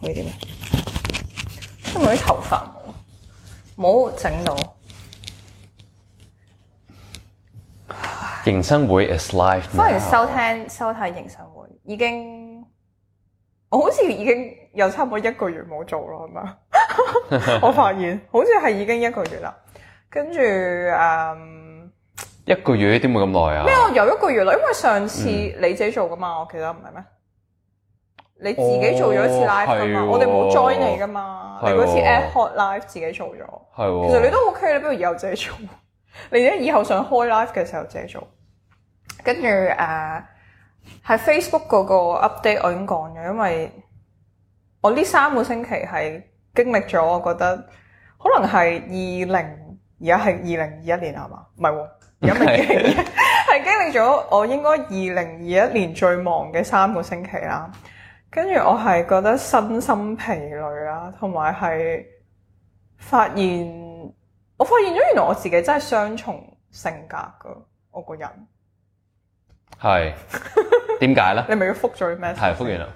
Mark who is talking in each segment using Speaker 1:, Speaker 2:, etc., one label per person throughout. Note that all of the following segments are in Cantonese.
Speaker 1: 會點？因為啲頭髮冇整到。
Speaker 2: 型生會 is live。歡迎收
Speaker 1: 聽收睇型生會，已經我好似已經有差唔多一個月冇做咯，係嘛？
Speaker 2: 我
Speaker 1: 發現好似係已經一個月啦。跟住誒，
Speaker 2: 一個月點會咁耐啊？咩？
Speaker 1: 我有一個月啦，因為上次你自己做噶嘛，我記得，唔係咩？你自己做咗一次 live 㗎嘛，哦、我哋冇 join 你噶嘛，哦、你嗰次 at hot live 自己做咗、
Speaker 2: 哦，其實你都
Speaker 1: OK，你不如以後自己做。你而家以後想開 live 嘅時候自己做。跟住誒，喺、啊、Facebook 嗰個 update 我已經講咗，因為我呢三個星期係經歷咗，我覺得可能係二零而家係二零二一年係嘛？唔係喎，而家係經歷咗 是的笑我應該二零二一年最忙嘅三個星期啦。跟住我係覺得身心疲累啦、啊，同埋係發現，我發現咗原來我自己真係雙重性格㗎，我個人
Speaker 2: 係點解咧？呢 你
Speaker 1: 咪要復覆咗咩？係覆完啦。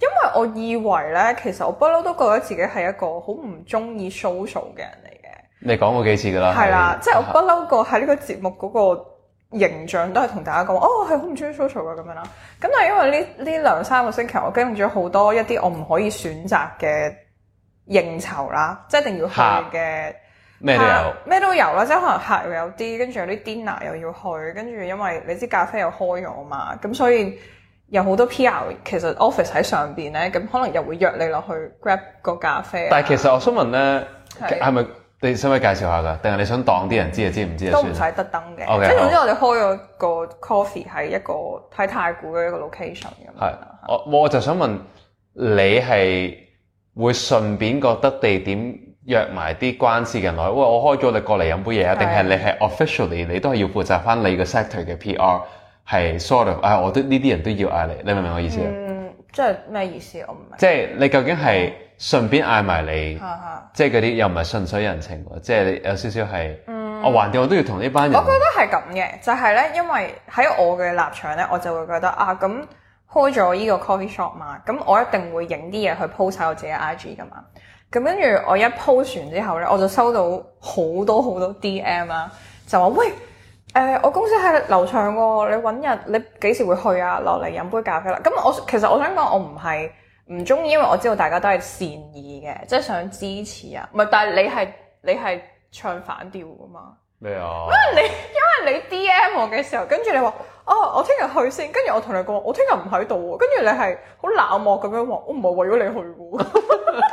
Speaker 1: 因為我以為咧，其實我不嬲都覺得自己係一個好唔中意 social 嘅人嚟
Speaker 2: 嘅。你講過幾次㗎啦？係啦，即係我不嬲
Speaker 1: 過喺呢個節目嗰、那個。形象都係同大家講，哦係好唔中意 social 嘅咁樣啦。咁但係因為呢呢兩三個星期，我經歷咗好多一啲我唔可以選擇嘅應酬啦，即係一定要去嘅
Speaker 2: 咩都有，
Speaker 1: 咩都有啦。即係可能客又有啲，跟住有啲 dinner 又要去，跟住因為你知咖啡又開咗嘛，咁所以有好多 PR 其實 office 喺上面咧，咁可能又會約你落去 grab 個咖啡。但係其
Speaker 2: 實我想問咧，係咪？是你可唔可以介紹下噶？定係你想當啲人知啊？知唔知都唔使特登嘅。O K，即係總之我哋
Speaker 1: 開咗個 coffee 喺一個喺太古嘅一個 location
Speaker 2: 咁樣。我我就想問你係會順便覺得地點約埋啲關事嘅人來？喂，我開咗你過嚟飲杯嘢啊？定係你係 officially 你都係要負責翻你個 sector 嘅 PR 係 sort of 啊？我都呢啲人都要嗌你，你明唔明我意思啊？嗯，
Speaker 1: 即係咩意思？我唔
Speaker 2: 明。即係你究竟係？嗯順便嗌埋你。哈哈，即係嗰啲又唔係順水人情喎，嗯，即係有少少係，我橫掂，我都要同呢班人。我覺
Speaker 1: 得係咁嘅，就係、是、呢。因為喺我嘅立場呢，我就會覺得啊，咁開咗依個 coffee shop 嘛，咁我一定會影啲嘢去 po 曬我自己嘅 IG 噶嘛。咁跟住我一 po 完之後呢，我就收到好多好多 DM 啦，就話喂、呃，我公司喺流暢喎，你揾日你幾時會去啊？落嚟飲杯咖啡啦。咁我其實我想講，我唔係。唔中意，因為我知道大家都係善意嘅，即係想支持啊。唔係，但係你係你係唱反調噶嘛？
Speaker 2: 咩啊？因
Speaker 1: 為你，因為你，你 DM 我嘅時候，跟住你話，哦、啊，我聽日去先，跟住我同你講，我聽日唔喺度喎。跟住你係好冷漠咁樣話，我唔係為咗你去㗎。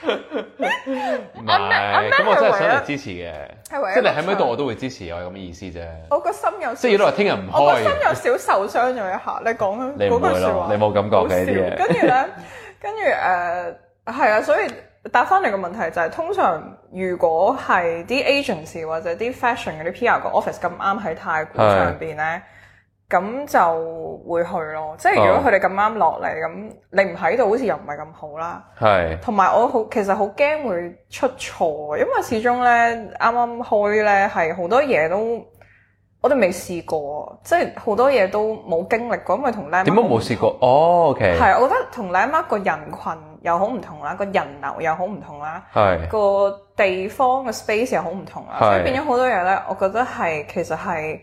Speaker 1: 唔 係，咁、啊啊、我真係想嚟支
Speaker 2: 持嘅，即係喺咩度我都會支持，我咁嘅意思啫。
Speaker 1: 我個心有少即係，如果話聽日唔開，我心有少受傷咗一下。你講嗰句說話你冇、那
Speaker 2: 個、感覺嘅嘢。跟住咧，
Speaker 1: 跟住誒，係、呃、啊。所以答翻嚟個問題就係、是，通常如果係啲 agency 或者啲 fashion 嗰啲 PR 個 office 咁啱喺太古上邊咧。咁就會去咯，即係如果佢哋咁啱落嚟，咁、哦、你唔喺度，好似又唔係咁好啦。係。同埋我好，其實好驚會出錯，因為始終咧，啱啱開咧係好多嘢都，我都未試過，即係好多嘢都冇經歷過。咪同 lemo 點解冇試
Speaker 2: 過？哦、oh，OK。係，我覺
Speaker 1: 得同 lemo 一個個人群又好唔同啦，個人流又好唔同啦，係個地方嘅 space 又好唔同啦，所以變咗好多嘢咧。我覺得係其實係。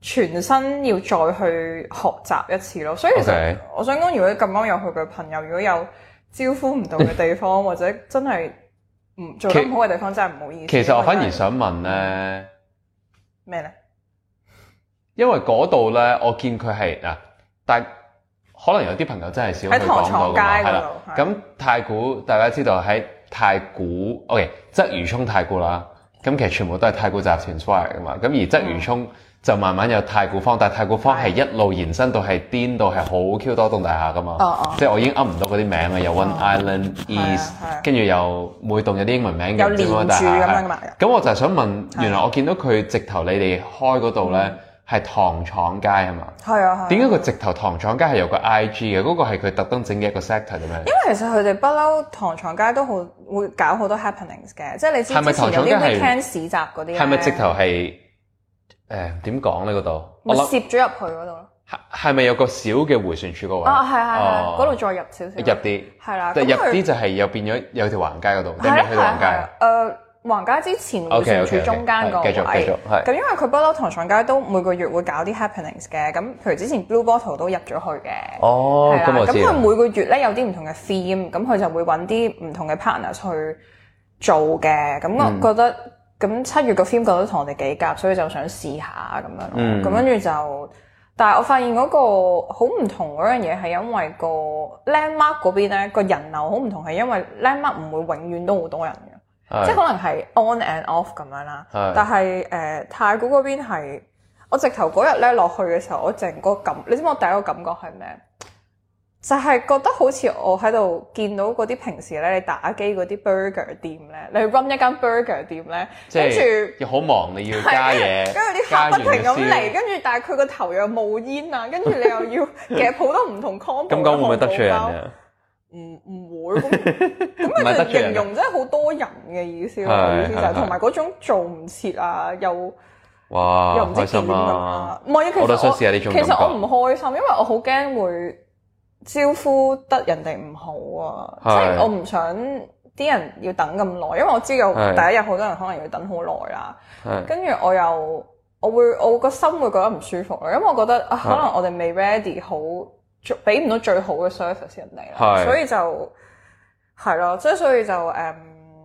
Speaker 1: 全身要再去學習一次咯，所以其實、okay、我想講，如果咁啱有去嘅朋友，如果有招呼唔到嘅地方， 或者真係唔做得好嘅地方，真係唔好意思。其實我反而想問咧，咩、嗯、咧？
Speaker 2: 因為嗰度咧，我見佢係啊，但可能有啲朋友真係少喺糖廠街嗰度。咁太古大家知道喺太古、嗯、，OK，鰂魚涌太古啦。咁其實全部都係太古集團 share 嘅嘛。咁而鰂魚涌就慢慢有太古坊，但係太古坊係一路延伸到係邊度係好 Q 多棟大廈噶嘛？哦哦，即係我已經噏唔到嗰啲名啊，有 One、oh, Island East，跟住又每棟有啲英文名嘅連住咁樣噶嘛？咁我就係想問、啊，原來我見到佢直頭你哋開嗰度咧係糖廠街係咪啊嘛？係啊係。點解佢直頭糖廠街係有個 I G 嘅？嗰、嗰個係佢特登整嘅一個 sector 嘅咩？因
Speaker 1: 為其實佢哋不嬲糖廠街都好會搞好多 happenings 嘅，即係你知之前有啲咩聽市集嗰啲，係咪直頭係？
Speaker 2: 誒點講咧嗰度？我攝
Speaker 1: 咗入去嗰度
Speaker 2: 咯。係係咪有個小嘅回旋處嗰位？啊係係，嗰度、哦、再
Speaker 1: 入少少。入啲
Speaker 2: 係啦。入啲就係又變咗有條橫街嗰度。係啦係啦。誒橫、
Speaker 1: 呃、橫街之前回旋處中間個位 okay, okay, okay。繼續繼續係咁，因為佢不嬲糖廠街都每個月會搞啲 happenings 嘅，咁譬如之前 Blue Bottle 都入咗去
Speaker 2: 嘅。哦。係啦。咁佢每
Speaker 1: 個月咧有啲唔同嘅 theme，咁佢就會揾啲唔同嘅 partners 去做嘅。咁我覺得。嗯嗯嗯嗯嗯。咁七月個 theme 都同我哋幾夾，所以就想試下咁樣。咁跟住就，但係我發現嗰個好唔同嗰樣嘢係因為個 landmark 嗰邊咧個人流好唔同，係因為 landmark 唔會永遠都好多人
Speaker 2: 嘅，即係可能
Speaker 1: 係 on and off 咁樣啦。是但係誒、呃，太古嗰邊係我直頭嗰日咧落去嘅時候，我淨嗰個感，你知唔知我第一個感覺係咩？就係、是、覺得好似我喺度見到嗰啲平時咧，你打機嗰啲 burger 店咧，你去 run 一間 burger 店咧，跟住
Speaker 2: 又好忙，你要加嘢，跟住啲客不停咁嚟，跟
Speaker 1: 住但係佢個頭又冒煙啊，跟住你又要其實好多唔同 component 咁講會唔會得罪人啊？
Speaker 2: 唔唔
Speaker 1: 會，咁咪 就形容真係好多人嘅意思咯，先 生，同埋嗰種做唔切啊，又哇，又
Speaker 2: 唔開心啊！唔係，其實我其實我唔
Speaker 1: 開心，因為我好驚會。招呼得人哋唔好啊！即係我唔想啲人要等咁耐，因為我知道第一日好多人可能要等好耐啦。跟住我又，我會，我個心會覺得唔舒服咯，因為我覺得、啊、可能我哋未 ready 好，最俾唔到最好嘅 service 人哋啦。所以就係咯，即係所以就誒，係、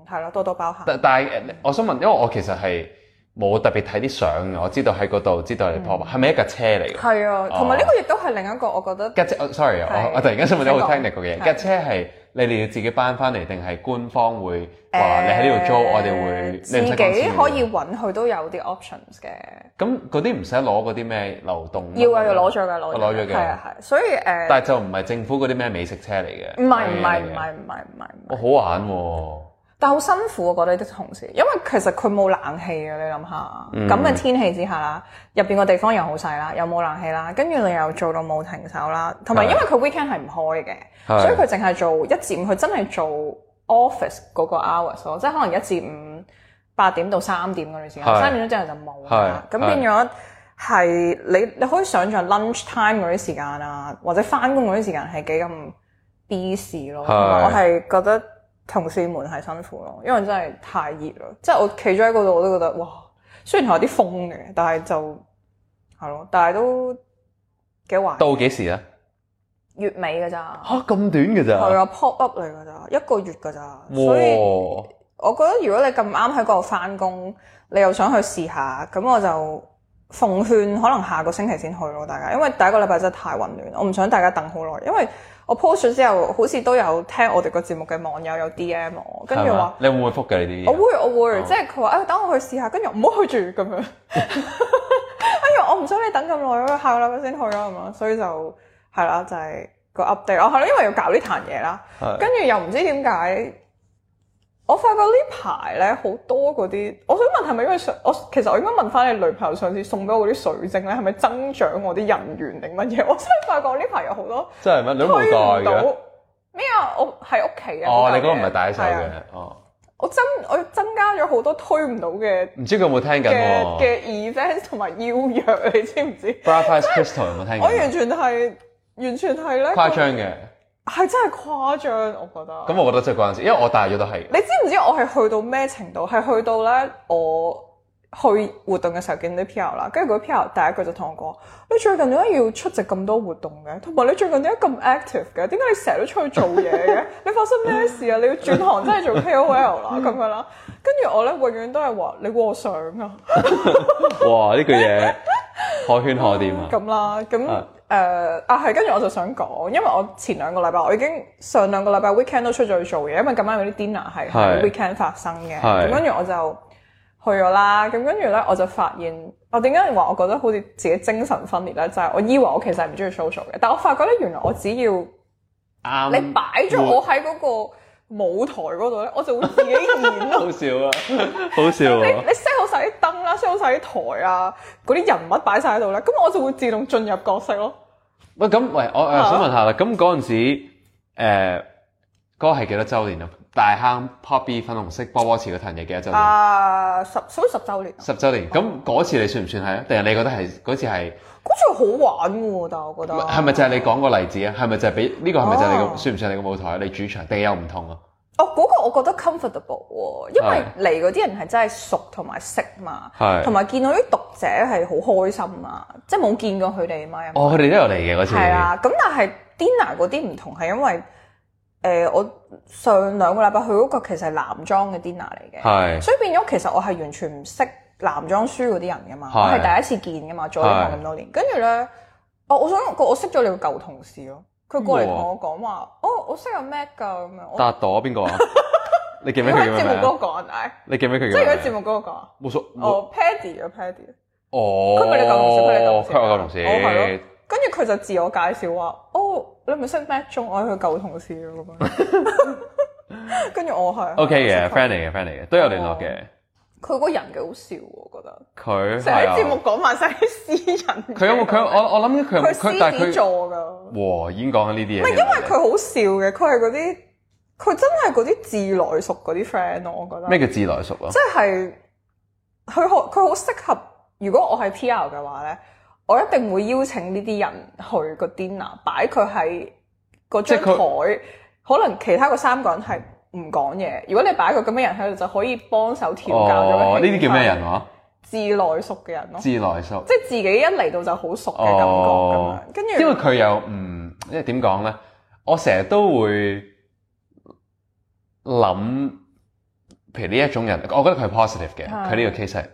Speaker 1: 嗯、
Speaker 2: 咯，多多包涵。但係，我想問，因為我其實係。冇特別睇啲相，我知道喺嗰度，知道你泊埋，係、嗯、咪一架車嚟？係啊，
Speaker 1: 同埋呢個亦都係另一個我覺得。架車、哦、
Speaker 2: sorry 啊，我突然間想問你，好 technical 嘅個嘢。架車係你哋要自己搬翻嚟，定係官方會話你喺呢度租，欸、我哋會自己，自己可以
Speaker 1: 揾佢，都有啲 options 嘅。
Speaker 2: 咁嗰啲唔使攞嗰啲咩流動？要，要啊要
Speaker 1: 攞咗㗎攞。攞咗嘅係啊係。所以但
Speaker 2: 就唔係政府嗰啲咩美食車嚟嘅。唔係唔係唔
Speaker 1: 係唔係
Speaker 2: 唔係我好玩喎、哦！
Speaker 1: 但好辛苦啊！覺得啲同事，因為其實佢冇冷氣嘅，你諗下咁嘅天氣之下啦，入面個地方又好細啦，又冇冷氣啦，跟住你又做到冇停手啦，同埋因為佢 weekend 係唔開嘅，所以佢淨係做一至五，佢真係做 office 嗰個 hours 咯，即係可能一至五八點到三點嗰段時間，三點鐘之後就冇啦。咁變咗係你你可以想象 lunch time 嗰啲時間啊，或者翻工嗰啲時間係幾咁 busy 咯。同埋我係覺得。同事們係辛苦咯，因為真係太熱啦。即係我企咗喺嗰度，我都覺得哇，雖然係有啲風嘅，但係就係咯，但係都幾玩。到幾時啊？月尾㗎咋？吓？
Speaker 2: 咁短㗎咋？係啊
Speaker 1: ，pop up 嚟㗎咋，一個月㗎咋。所以我覺得如果你咁啱喺嗰度返工，你又想去試下，咁我就奉勸可能下個星期先去咯，大家，因為第一個禮拜真係太混亂，我唔想大家等好耐，因為。我 post 咗之後，好似都有聽我哋個節目嘅網友有 DM 我，跟住話
Speaker 2: 你會唔會復嘅呢啲？我會，我會，oh. 即係
Speaker 1: 佢話啊，等我去試下，跟住唔好去住咁樣。哎呀，我唔想你等咁耐咯，下個禮拜先去咁樣，所以就係啦，就係、是、個 update。我係咯，因為要搞呢壇嘢啦，跟住又唔知點解。我發覺呢排咧好多嗰啲，我想問係咪因為上我其實我應該問翻你女朋友上次送俾我嗰啲水晶咧，係咪增長我啲人緣定乜嘢？我真係發覺呢排有好多
Speaker 2: 真係乜都推唔到
Speaker 1: 咩啊！我喺屋企啊！哦，你嗰個唔係大細嘅哦。我增我增加咗好多推唔到嘅，唔
Speaker 2: 知佢有冇聽緊嘅
Speaker 1: 嘅 events 同埋邀
Speaker 2: 約，你知唔知 Bravest Crystal 有冇聽過？我完
Speaker 1: 全係完全係咧、那個、誇張嘅。係真係誇張，我覺得。咁
Speaker 2: 我覺得真係嗰陣時，因為我大約都係。
Speaker 1: 你知唔知我係去到咩程度？係去到咧，我去活動嘅時候見到啲 P R 啦，跟住個 P R 第一句就同我講：你最近點解要出席咁多活動嘅？同埋你最近點解咁 active 嘅？點解你成日都出去做嘢嘅？ 你發生咩事啊？你要轉行真係做 K O L 啦咁樣啦。跟住我咧，永遠都係話你估我想啊！
Speaker 2: 哇，呢句嘢可圈可點啊！咁、
Speaker 1: 嗯、啦，咁。誒、uh, 啊，係！跟住我就想講，因為我前兩個禮拜，我已經上兩個禮拜 weekend 都出咗去做嘢，因為咁啱有啲 dinner 係喺 weekend 發生嘅。咁跟住我就去咗啦。咁跟住咧，我就發現我點解話我覺得好似自己精神分裂咧，就係、是，我以為我其實係唔中意 social 嘅，但我發覺咧，原來我只要
Speaker 2: 你擺咗我喺
Speaker 1: 嗰，那個。舞台嗰度咧，我就
Speaker 2: 會自己演咯。 好笑啊！好笑
Speaker 1: 啊！ 你 set 好晒啲燈啦，set 好晒啲台啊，嗰啲人物擺晒喺度咧，咁我就會自動進入角色咯。
Speaker 2: 喂，咁喂，我 誒、呃、想問下啦，咁嗰陣時，誒、呃、嗰、嗰個係幾多周年啊？大坑、Poppy 粉紅色波波池嗰陣嘢幾多周年
Speaker 1: 啊？十，所以十周年，
Speaker 2: 啊。十周年，咁嗰次你算唔算係啊？定、哦、係你覺得係嗰次係？
Speaker 1: 嗰場好玩喎，但係我覺得係
Speaker 2: 咪就係你講個例子啊？係咪就係俾呢個係咪就係你個、哦、算唔算你個舞台你主場地有唔同啊？
Speaker 1: 哦，嗰、那個我覺得 comfortable 喎，因為嚟嗰啲人係真係熟同埋識嘛，同埋見到啲讀者係好開心啊，即係冇見過佢哋嘛。哦，
Speaker 2: 佢哋都有嚟嘅嗰次。係啦，
Speaker 1: 咁但係 dinner 嗰啲唔同係因為誒、呃，我上兩個禮拜去嗰個其實係男裝嘅 dinner 嚟嘅，所以變咗其實我係完全唔識。男裝書嗰啲人噶嘛，我係第一次見噶嘛，做咗咁多年，跟住咧，我想我想我我識咗你個舊同事咯，佢過嚟同我講話，哦、oh,，我識有 Mac 噶咁樣。達朵邊、啊、 個啊？你
Speaker 2: 記唔記佢？即節目嗰個講，你記唔記
Speaker 1: 佢？即係喺節目嗰個講啊。
Speaker 2: 冇、oh, 錯，
Speaker 1: 哦，Paddy 啊，Paddy。
Speaker 2: 哦。佢咪你舊同事，佢係我舊同事。哦，係
Speaker 1: 咯。跟住佢就自我介紹話：哦，你唔係識 Mac 鐘，我係佢舊同事咯咁樣。跟住 我係。O K 嘅，friend
Speaker 2: 嚟嘅，friend 嚟嘅，都有聯絡嘅。Yeah,
Speaker 1: 佢個人幾好笑喎，我覺得。
Speaker 2: 佢成日喺節目
Speaker 1: 講埋晒啲
Speaker 2: 私人。佢有冇佢？我我
Speaker 1: 諗佢佢，但係佢。獅子座㗎。
Speaker 2: 哇！已經講緊呢啲嘢。唔係因為佢
Speaker 1: 好笑嘅，佢係嗰啲，佢真係嗰啲自來熟嗰啲 friend 咯，我覺得。咩叫自來熟啊？即係佢好佢好適合。如果我係 P. R. 嘅話咧，我一定會邀請呢啲人去個 dinner，擺佢喺嗰張台。可能其他嗰三個人係。唔講嘢。如果你擺一個咁嘅人喺度，就可以幫手調教咗呢啲。呢、哦、啲叫咩人話、啊？自來熟嘅人咯、啊。自來熟。即係自己一嚟到就好熟嘅感
Speaker 2: 覺咁、哦、樣。跟住。因為佢又唔，即係點講咧？我成日都會諗，譬如呢一種人，我覺得佢係 positive 嘅。佢呢個 case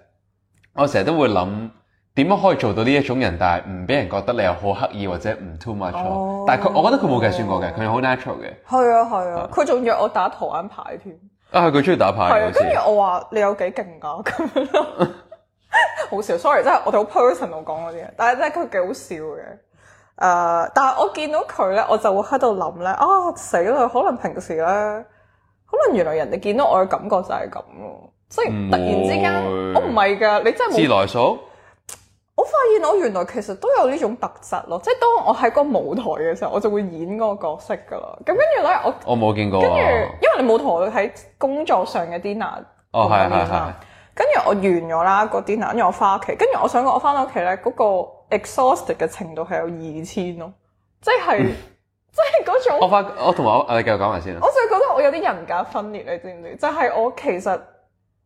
Speaker 2: 我成日都會諗。點樣可以做到呢一種人，但係唔俾人覺得你又好刻意或者唔 too much？但係佢，我覺得佢冇計算過嘅，佢好 natural
Speaker 1: 嘅。係啊，係啊，佢仲、啊啊、約我打台眼牌添。
Speaker 2: 啊，佢中意打牌。係啊，跟住我
Speaker 1: 話你有幾勁㗎咁樣咯， 好笑。Sorry，真係我哋好 personal，我講嗰啲，但係真係佢幾好笑嘅。誒、呃，但係我見到佢咧，我就會喺度諗咧，啊死啦！可能平時咧，可能原來人哋見到我嘅感覺就係
Speaker 2: 咁咯。即
Speaker 1: 係突然之間，我唔係㗎，你真係自來熟。我發現我原來其實都有呢種特質咯，即係當我喺個舞台嘅時候，我就會演嗰個角色噶啦。咁跟住咧，我我
Speaker 2: 冇見過，啊。跟住，
Speaker 1: 因為你冇同我喺工作上嘅 dinner。哦，係係係。跟住我完咗啦個 dinner，然後我翻屋企，跟住我想講，我翻到屋企咧嗰個 exhausted 嘅程度係有二千咯，即係即係嗰種。我發，
Speaker 2: 我同我，你繼續講埋先。我就
Speaker 1: 覺得我有啲人格分裂，你知唔知？就係我其實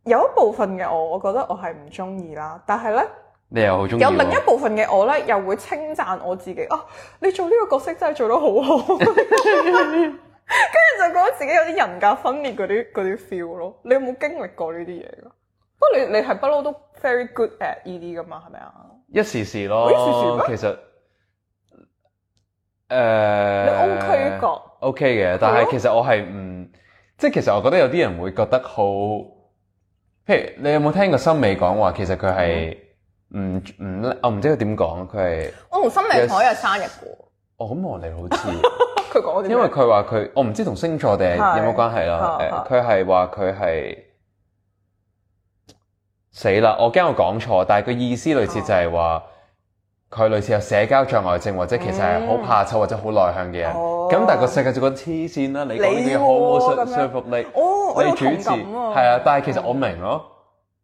Speaker 1: 有一部分嘅我，我覺得我係唔中意啦，但係咧。
Speaker 2: 你又好中意有另一
Speaker 1: 部分嘅我咧，又會稱讚我自己啊！你做呢個角色真係做得好好，跟 住 就覺得自己有啲人格分裂嗰啲嗰啲 feel 咯。你有冇經歷過呢啲嘢㗎？不過你你係不嬲都 very good at 呢啲㗎嘛？係咪啊？一時時咯，
Speaker 2: 一時時咯，其實誒、呃，你 O K 個 O K 嘅，但係其實我係唔即係其實我覺得有啲人會覺得好，譬如你有冇聽過森美講話？其實佢係。嗯唔唔，我唔知佢點講，佢係
Speaker 1: 我同心靈海有生日
Speaker 2: 過。哦，咁我哋好似佢講，因為佢話佢，我唔知同星座定有冇關係啦。佢係話佢係死啦，我驚我講錯，但係佢意思類似就係話佢類似有社交障礙症，或者其實係好怕醜或者好內向嘅人。咁、哦、但係個世界就覺得痴線啦，你講嘢好冇説服力。哦、你主持，我同感，係啊，啊，但係其實我明咯、啊。嗯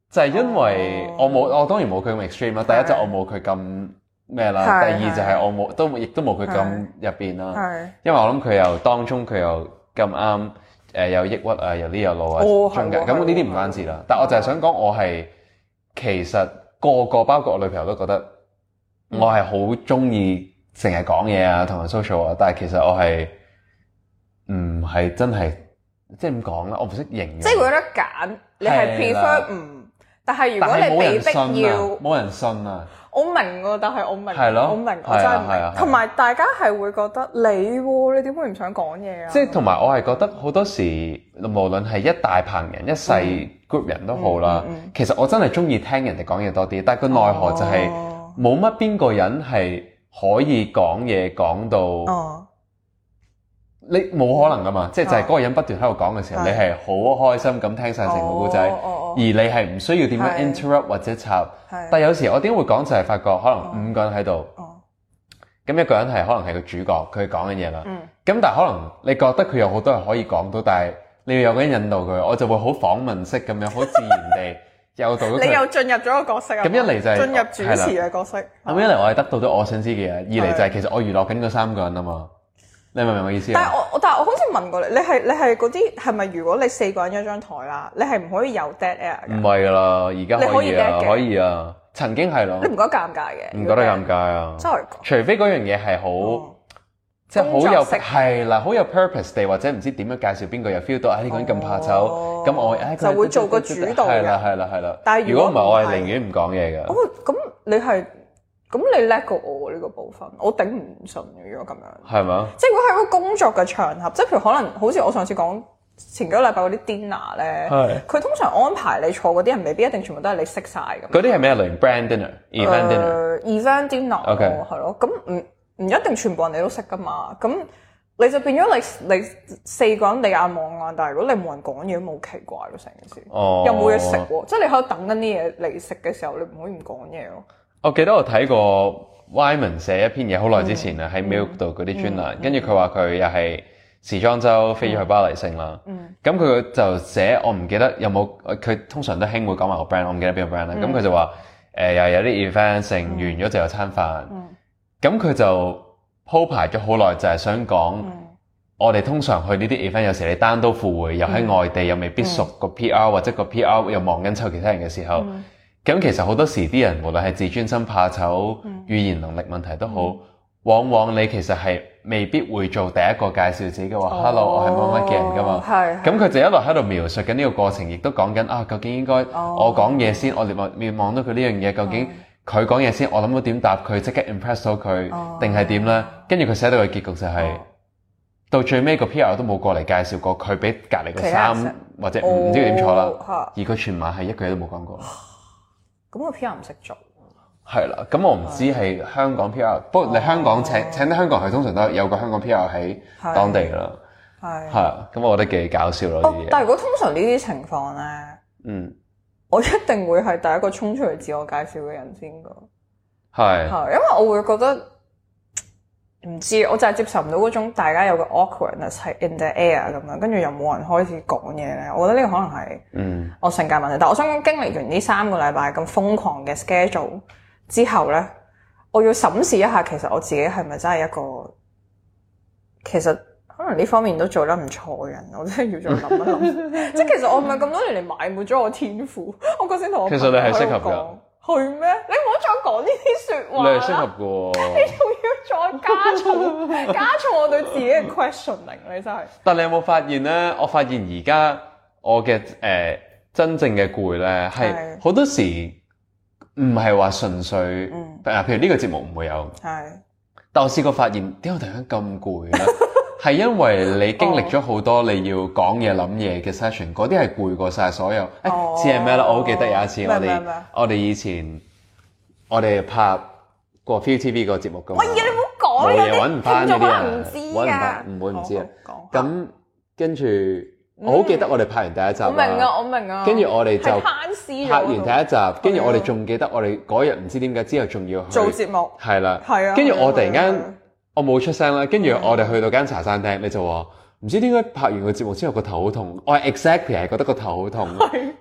Speaker 2: 就係、是、因為我冇，oh. 我當然冇佢咁 extreme 啦。第一就我冇佢咁咩啦，第二就係我冇都亦都冇佢咁入面啦。因為我諗佢又當中佢又咁啱誒有抑鬱啊，有呢樣路啊，咁呢啲唔關事啦。但我就係想講我係其實個個包括我女朋友都覺得我係好中意成日講嘢啊，同人 social 啊，但係其實我係唔係真係即係咁講啦，我唔識形容，即係有
Speaker 1: 得揀，你係 prefer 唔？嗯但係如果你被逼要，
Speaker 2: 冇人信啊，冇人信
Speaker 1: 啊！我明喎、啊，但係我明咯，我明、啊，我真係明。同埋、啊啊、大家係會覺得你你點會唔想講嘢啊？
Speaker 2: 即係同埋我係覺得好多時，無論係一大棚人、一細 group 人都好啦。嗯嗯嗯嗯、其實我真係中意聽人哋講嘢多啲，但係個奈何就係冇乜邊個人係可以講嘢講到。哦你冇可能噶嘛，嗯、即係就係嗰個人不斷喺度講嘅時候，啊、你係好開心咁聽晒成個故仔、哦哦哦，而你係唔需要點樣 interrupt 或者插。嗯、但係有時我點會講就係發覺可能五個人喺度，咁、哦哦、一個人係可能係個主角，佢講緊嘢啦。咁、嗯、但係可能你覺得佢有好多嘢可以講到，但係你要有個人引導佢，我就會好訪問式咁樣，好自然地 又導到你又
Speaker 1: 進入咗個角色、啊，咁一嚟就係、是、進入主持嘅
Speaker 2: 角色。咁一嚟我係得到咗我想知嘅嘢，二嚟就係其實我娛樂緊嗰三個人啊嘛。你明唔明我意思？但係我
Speaker 1: 我但係我好似問過你，你係你係嗰啲係咪，如果你四個人一張台啦，你係唔可以有 dead air 嘅？
Speaker 2: 唔係嘅啦，而家可以啦，可以啊，曾經係咯。你唔覺得尷尬嘅？唔覺得尷尬啊！真係。除非嗰樣嘢係好，即係好有，係啦，好有 purpose 地，或者唔知點樣介紹邊個又 feel 到，哎呢個人咁怕醜，咁我哎佢就會做個主動。係啦，係啦，係啦。但係如果唔係，我係寧願唔講嘢嘅。
Speaker 1: 咁咁，你係？咁你叻過我喎呢個部分，我頂唔順如果咁樣。係咪啊？即係如果喺個工作嘅場合，即係譬如可能好似我上次講前幾個禮拜嗰啲 dinner 咧，佢通常安排你坐嗰啲人，未必一定全部都係你識晒咁。嗰
Speaker 2: 啲係咩類型？Brand dinner、Event dinner、
Speaker 1: 呃、Event dinner。Event dinner。OK，係咯，咁唔唔一定全部人你都識噶嘛。咁你就變咗你你四個人你眼望眼，但係如果你冇人講嘢，冇奇怪咯成件事。哦。又冇嘢食喎，即係你喺度等緊啲嘢嚟食嘅時候，你唔可以唔講嘢咯。
Speaker 2: 我記得我睇過 Wyman 寫一篇嘢好耐之前，喺 Milk 度嗰啲專欄，跟住佢話佢又係時裝周飛咗去巴黎勝啦。咁、嗯、佢、嗯、就寫我唔記得有冇，佢通常都興會講埋個 brand，我唔記得邊個 brand 啦。咁佢就話、呃、又有啲 event 成、嗯、完咗就有餐飯。咁、嗯、佢就鋪排咗好耐，就係想講我哋通常去呢啲 event，有時你單刀赴會又喺外地、嗯、又未必熟個 PR、嗯、或者個 PR 又望緊抽其他人嘅時候。嗯咁其實好多時啲人，無論係自尊心怕醜、語言能力問題都好，嗯嗯，往往你其實係未必會做第一個介紹自己嘅話、哦，hello，我係乜乜嘅人噶嘛。咁、哦、佢就一路喺度描述緊呢個過程，亦都講緊啊，究竟應該我講嘢先、哦，我望望到佢呢樣嘢，究竟佢講嘢先，我諗到點答佢，即刻 impress 到佢，定係點咧？跟住佢寫到嘅結局就係、是哦、到最尾個 PR 都冇過嚟介紹過，佢俾隔離個三或者唔、哦、知點坐啦、哦，而佢全晚係一句都冇講過。
Speaker 1: 咁、個 PR 唔識做，
Speaker 2: 係啦。咁我唔知係香港 PR，不過你香港請請得香港係係通常都有個香港 PR 喺當地啦。
Speaker 1: 喇。係啊。
Speaker 2: 咁我覺得幾搞笑咯啲、哦。但係如果
Speaker 1: 通常呢啲情況咧，
Speaker 2: 嗯，
Speaker 1: 我一定會係第一個衝出嚟自我介紹嘅人先噶。
Speaker 2: 係，係，
Speaker 1: 因為我會覺得。唔知，我就係接受唔到嗰種大家有個 awkwardness 係 in the air 咁樣，跟住又冇人開始講嘢咧。我覺得呢個可能係我性格問題。嗯、但係我想講經歷完呢三個禮拜咁瘋狂嘅 schedule 之後咧，我要審視一下，其實我自己係咪真係一個其實可能呢方面都做得唔錯嘅人？我真係要再諗一諗。 即係其實我唔係咁多年嚟埋沒咗我天賦。我頭先同我其實你係適合嘅。去咩？你唔好再講呢啲說話你係適合
Speaker 2: 嘅喎，
Speaker 1: 你仲、啊、 要再加重 加重我對自己嘅 questioning 你真係。
Speaker 2: 但你有冇發現咧？我發現而家我嘅誒、呃、真正嘅攰咧，係好多時唔係話純粹，譬如呢個節目唔會有。但我試過發現點解我突然間咁攰咧？ 係因為你經歷咗好多你要講嘢諗嘢嘅 Session，嗰啲係攰過晒所有。誒、oh. 欸，似係咩咧？Oh. 我好記得有一次我，我哋我哋以前我哋拍過 Feel TV 個節目嘅。喂，你
Speaker 1: 唔好講呢啲，揾唔翻嗰啲人，揾唔翻，唔會唔知啊。
Speaker 2: 咁跟住我好記得我哋拍完第一集。我明啊，我
Speaker 1: 明啊。跟住我哋就
Speaker 2: 拍完第一集，跟住我哋仲記得我哋嗰日唔知點解之後仲要去做節目。係啦，係啊。跟住我突然間、啊。我冇出聲啦，跟住我哋去到間茶餐廳你就話，唔知點解拍完個節目之後個頭好痛，我係 exactly 係覺得個頭好痛，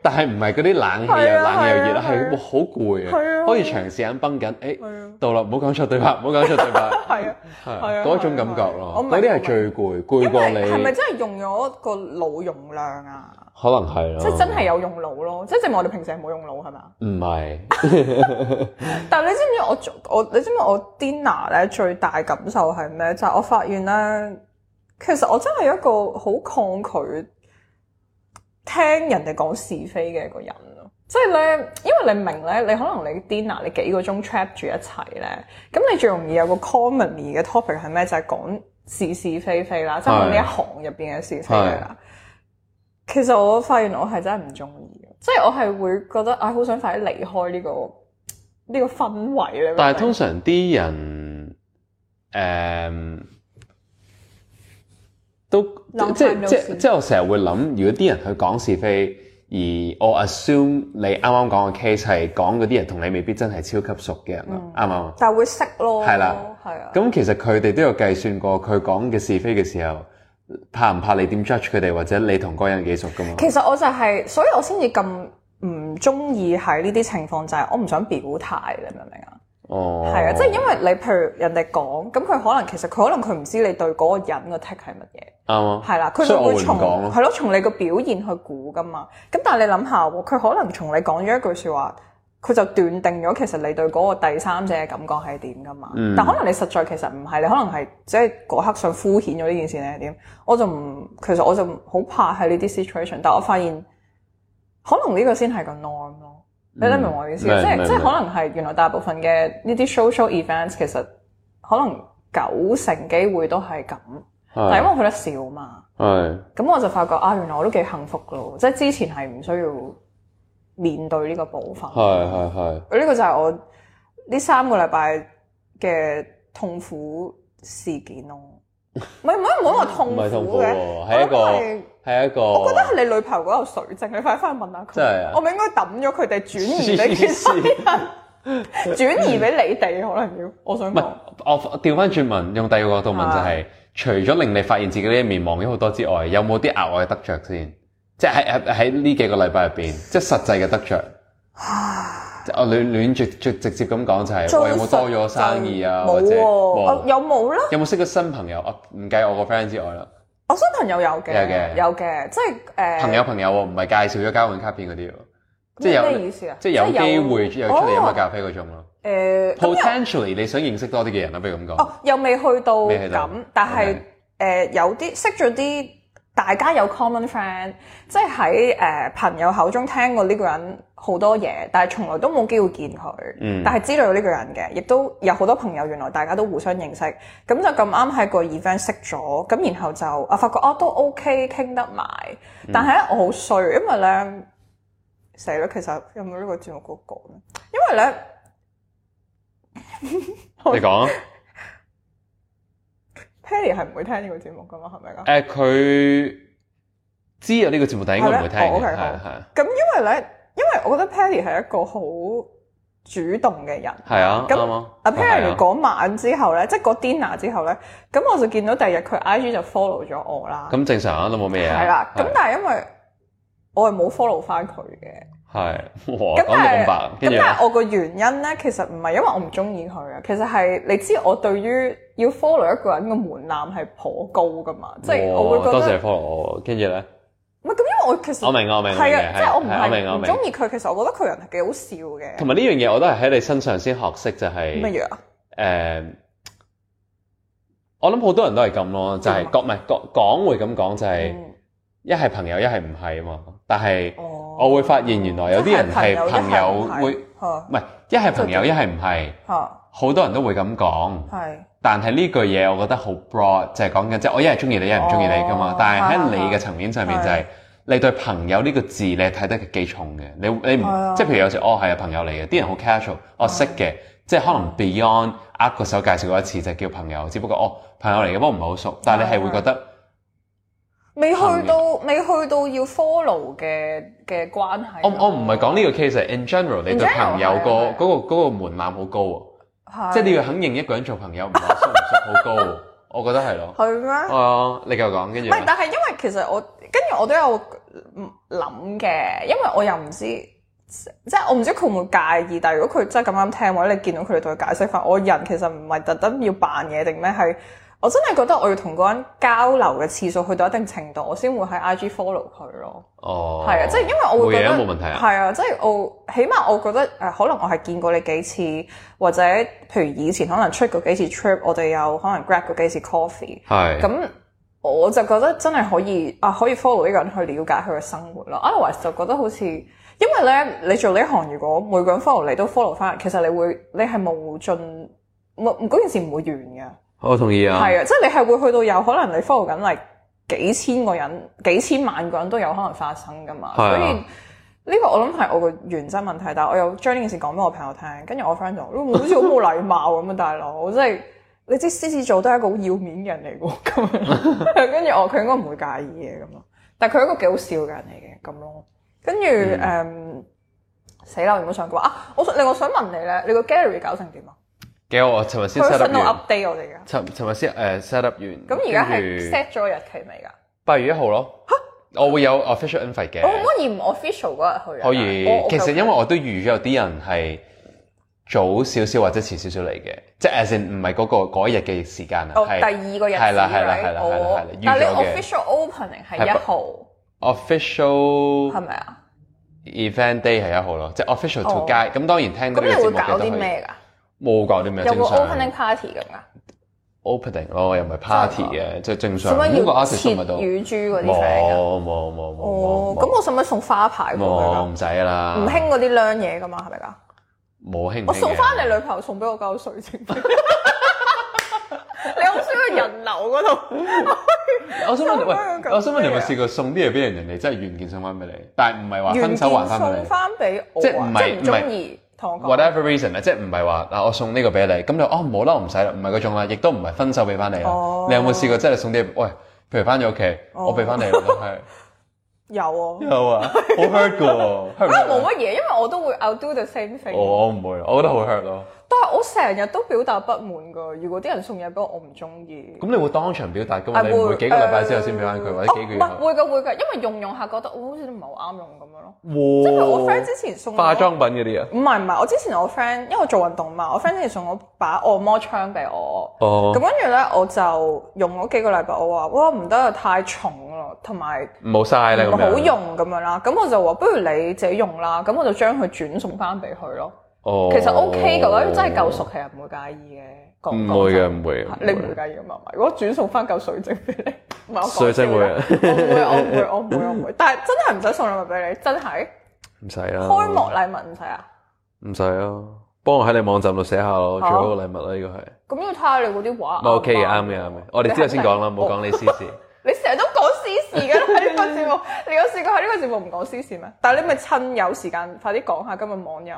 Speaker 2: 但係唔係嗰啲冷氣又冷氣又，又熱啦，係好攰啊，可以長時間繃緊，誒、哎、到啦，唔好講錯對白，唔好講錯對白，係啊，係啊，嗰種感覺咯，嗰啲係最攰，攰過你係咪真
Speaker 1: 係用咗個腦容量啊？
Speaker 2: 可能係咯，即係真係
Speaker 1: 有用腦咯，即係證明我哋平時冇用腦係嘛？
Speaker 2: 唔係，
Speaker 1: 但係你知唔知我做我？你知唔知我 dinner 咧最大感受係咩？就係、是、我發現咧，其實我真係一個好抗拒聽人哋講是非嘅一個人咯。即係咧，因為你明咧，你可能你 dinner 你幾個鐘 trap 住一齊咧，咁你最容易有個 common 嘅 topic 係咩？就係、是、講是是非非啦，即係呢一行入面嘅是非啦。其實我發現我係真係唔中意，即、就、係、是、我係會覺得啊，好想快啲離開呢、這個呢、這個氛圍咧。但係通
Speaker 2: 常啲人誒、嗯嗯、
Speaker 1: 都
Speaker 2: 即即即我成日會諗，如果啲人去講是非，而我 assume 你啱啱講嘅 case 係講嗰啲人同你未必真係超級熟嘅人，啱、嗯、啱？
Speaker 1: 但係會識咯，係啦，係啊。
Speaker 2: 咁其實佢哋都有計算過佢講嘅是非嘅時候。怕唔怕你點 judge 佢哋，或者你同嗰人幾熟噶嘛？
Speaker 1: 其實我就係、是，所以我先至咁唔中意喺呢啲情況，就係、是，我唔想表態，你明唔明啊？
Speaker 2: 哦，係啊，即係因
Speaker 1: 為你譬如人哋講，咁佢可能其實佢可能佢唔知你對嗰個人嘅 take 係乜嘢，
Speaker 2: 啱、oh. 啊，係啦，佢以會從係咯，so，
Speaker 1: 從你個表現去估噶嘛。咁但係你諗下，佢可能從你講咗一句説話。佢就斷定咗，其實你對嗰個第三者嘅感覺係點㗎嘛、嗯？但可能你實在其實唔係，你可能係即係嗰刻想敷衍咗呢件事，你係點？我就唔，其實我就好怕喺呢啲 situation，但我發現可能呢個先係個 norm 咯、嗯。你得明我意思？即係即係可能係原來大部分嘅呢啲 social events 其實可能九成機會都係咁，但因為我去得少嘛，咁我就發覺啊，原來我都幾幸福咯，即係之前係唔需要。面對呢個部分，係係係。呢、這個就係我呢三個禮拜嘅痛苦事件咯。唔係唔好唔好話痛苦嘅，係一個
Speaker 2: 係一個。我覺得係
Speaker 1: 你女朋友嗰個水晶，你快翻去問下佢。真係。我咪應該抌咗佢哋轉移俾其他人轉 移俾你哋可能要。我想
Speaker 2: 我問我調返翻轉文，用第二個角度問就係、是：除咗令你發現自己呢一面忘咗好多之外，有冇啲額外得着先？即係喺喺呢幾個禮拜入面，即係實際嘅得著、啊、即我亂亂直直直接咁講就係、是，我有冇多咗生意啊？啊或者
Speaker 1: 有冇咧？
Speaker 2: 有冇識咗新朋友？唔計我個 friend 之外啦。
Speaker 1: 我、啊、新朋友有嘅，有嘅，即係、呃、朋友
Speaker 2: 朋友喎、啊，唔係介紹咗交換卡片嗰啲喎。即係咩意思啊？即係有，有機會又出嚟飲個咖啡嗰種咯、
Speaker 1: 啊。誒、呃、
Speaker 2: potentially、呃、你想認識多啲嘅人啦、啊，比如咁講。哦、啊，
Speaker 1: 又未去到咁，但係、okay 呃、有啲識咗啲。大家有 common friend，即係喺、呃、朋友口中聽過呢個人好多嘢，但係從來都冇機會見佢。嗯，但係知道有呢個人嘅，亦都有好多朋友原來大家都互相認識，咁就咁啱喺個 event 識咗，咁然後就啊發覺啊都 OK 傾得埋、嗯，但係咧我好衰，因為咧死咗其實有冇呢個節目講、那、咧、個？因為咧
Speaker 2: 你講。
Speaker 1: Patty 係
Speaker 2: 唔會聽呢個節目噶嘛，係咪噶？誒、呃，佢知啊呢個節目，但係應該唔會聽嘅。係啊，咁、oh, okay,
Speaker 1: 因為咧，因為我覺得 Patty 係一個好主動嘅人。係啊，咁。
Speaker 2: 阿 Patty 嗰
Speaker 1: 晚之後咧，即係個 dinner 之後咧，咁我就見到第二日佢 IG 就 follow 咗我啦。
Speaker 2: 咁正常啊，都冇咩嘢。係啦。咁但
Speaker 1: 係因為我係冇 follow 翻佢嘅。
Speaker 2: 係，咁我明白。跟住，接
Speaker 1: 我個原因咧，其實唔係因為我唔中意佢啊，其實係你知我對於要 follow 一個人嘅門檻係頗高噶嘛，即係、就是、我會覺得。多謝
Speaker 2: follow 我，跟住咧，
Speaker 1: 唔係咁，因為我其實我明我明係啊，即係我唔係唔中意佢，其實我覺得佢人係幾好笑嘅。同
Speaker 2: 埋呢樣嘢，我都係喺你身上先學識就係乜嘢啊？誒、呃，我諗好多人都係咁咯，就係講唔係講講會咁講，就係一係朋友，一係唔係啊嘛。但係，我會發現原來有啲人係朋友會、哦，唔係一係朋友一係唔係，好、啊啊、多人都會咁講。但係呢句嘢我覺得好 broad，就係講緊即係我一係中意你一係唔中意你噶嘛。但係喺你嘅層面上面就係、是，你對朋友呢個字你係睇得幾重嘅？你你唔即係譬如有時哦係啊朋友嚟嘅，啲人好 casual，我識嘅，即係可能 beyond、嗯、握個手介紹過一次就係、叫朋友，只不過哦朋友嚟嘅，不過唔係好熟，但係你係會覺得。
Speaker 1: 未去到，未去到要 follow 嘅嘅關係。我
Speaker 2: 我唔係講呢個 case，in general，你對朋友 general,、那個嗰、那個嗰、那個門檻好高啊！
Speaker 1: 即係你要肯
Speaker 2: 認一個人做朋友，唔好高、啊， 我覺得係咯。係咩？啊、哦，你繼續講，跟住唔但
Speaker 1: 係因為其實我跟住我都有諗嘅，因為我又唔知即係我唔知佢會唔會介意。但如果佢真係咁啱聽，或者你見到佢哋同佢解釋法，我人其實唔係特登要扮嘢定咩係？我真係覺得我要同嗰人交流嘅次數去到一定程度，我先會喺 IG follow 佢咯。哦、
Speaker 2: oh，係啊，即係因為我會覺得冇問題、係啊，
Speaker 1: 即係、就是、我起碼我覺得、呃、可能我係見過你幾次，或者譬如以前可能出過幾次 trip，我哋有可能 grab 過幾次 coffee。係咁，我就覺得真係可以啊、呃，可以 follow 呢個人去了解佢嘅生活咯。Otherwise 就覺得好似因為咧，你做呢行如果每個人 follow 你都 follow 翻，其實你會你係冇盡嗰件事唔會完嘅。
Speaker 2: 我同意啊，係啊，即
Speaker 1: 係你係會去到有可能你 follow 緊嚟幾千個人、幾千萬個人都有可能發生噶嘛的，所以呢個我諗係我個原則問題，但係我又將呢件事講俾我朋友聽，跟住我 friend 就 我好似好冇禮貌咁啊大佬，即係你知獅子座都係一個好要面嘅人嚟噶，跟住 我佢應該唔會介意嘅咁咯，但係佢係一個幾好笑嘅人嚟嘅咁咯，跟住誒死啦，原本想講啊，我想另外想問你咧，你個 gallery 搞成點啊？
Speaker 2: 幾好啊！我尋日先 set up 完。佢想我 update 我哋噶。尋日先誒 set up 完。咁而家係 set
Speaker 1: 咗日期
Speaker 2: 未㗎？八月一號咯。我會有 official invite 嘅。我可
Speaker 1: 唔可以唔 official 嗰日去啊？可以。其實因為我都
Speaker 2: 預咗有啲人係早少少或者遲少少嚟嘅，哦 okay. 即係 as 唔係嗰個嗰一日嘅時間啊、哦。第二個日。係啦係啦係啦係啦係啦。Right? 啦哦、啦但係你 official
Speaker 1: opening 係一號。
Speaker 2: Official 係
Speaker 1: 咪
Speaker 2: 啊？Event day 係一號咯，即係 official to 街、哦。咁當然聽到呢你會搞。個節目嘅都可以。啲咩㗎？冇搞啲咩，有冇 opening
Speaker 1: party 咁噶
Speaker 2: ？opening 咯，又唔係 party 嘅，即係正常。做乜、哦就係啊、要乳豬嗰啲嘢？冇冇冇冇。
Speaker 1: 哦，咁我使唔使送花牌？冇，
Speaker 2: 唔使啦。唔
Speaker 1: 興嗰啲靚嘢噶嘛，係咪㗎？
Speaker 2: 冇興。我送翻
Speaker 1: 你女朋友，送俾我嚿水晶。你好少去人流嗰度？我想問，喂，
Speaker 2: 我想問你有冇試過送啲嘢俾人，人哋真係原件送翻俾你，但係唔係話分手還翻俾你？即唔
Speaker 1: 係，唔中意。Whatever
Speaker 2: reason 咧，即係唔係話嗱我送呢個俾你，咁你哦冇啦，我唔使啦，唔係嗰種啦，亦都唔係分手俾翻你啦、哦。你有冇試過即係送啲？喂，譬如翻咗屋企，我俾翻你，係
Speaker 1: 有啊、哦，有
Speaker 2: 啊， 好 hurt 噶的喎、哦。 啊，冇乜
Speaker 1: 嘢，因為我都會 I'll do the same thing。哦、我
Speaker 2: 我唔會，我覺得好 hurt 咯。
Speaker 1: 但係我成日都表達不滿噶。如果啲人送嘢俾我，我唔中意。
Speaker 2: 咁你會當場表達噶嘛？你唔會幾個禮拜之後先俾翻佢或者幾個月？唔、哦、
Speaker 1: 會嘅會嘅，因為用用下覺得我好似都唔係好啱用咁
Speaker 2: 樣咯、哦。即係我 friend 之前送化妝品嗰啲啊。
Speaker 1: 唔係唔係，我之前我 friend 因為做運動嘛，我 friend 之前送我把按摩槍俾我。哦。咁跟住咧，我就用咗幾個禮拜，我話哇唔得啊，太重咯，同埋
Speaker 2: 冇晒啦，唔好用
Speaker 1: 咁樣啦。咁我就話不如你自己用啦，咁我就將佢轉送翻俾佢咯。
Speaker 2: 其實 OK 噶，哦、因為真係夠熟，
Speaker 1: 其實唔會介意嘅
Speaker 2: 講講。唔會啊，唔會，會。你唔會介意
Speaker 1: 嘅，媽媽？如果轉送翻嚿水晶俾你，水晶
Speaker 2: 會啊？我唔會，我唔會，我唔會，
Speaker 1: 會會 但係真係唔使送禮物俾你，真係。唔
Speaker 2: 使啦。開幕禮物唔使啊？唔使啊！幫我喺你網站度寫一下咯，最好嘅禮物啦，呢個係。
Speaker 1: 咁、啊、要睇下你嗰啲話。咪 OK 嘅，啱、嗯、嘅，
Speaker 2: 啱嘅。我哋之後先講啦，唔好講你私事。哦、
Speaker 1: 你成日都講私事嘅喺呢個節目， 你有試過喺呢個節目唔講私事咩？但係你咪趁有時間快啲講下今日網友。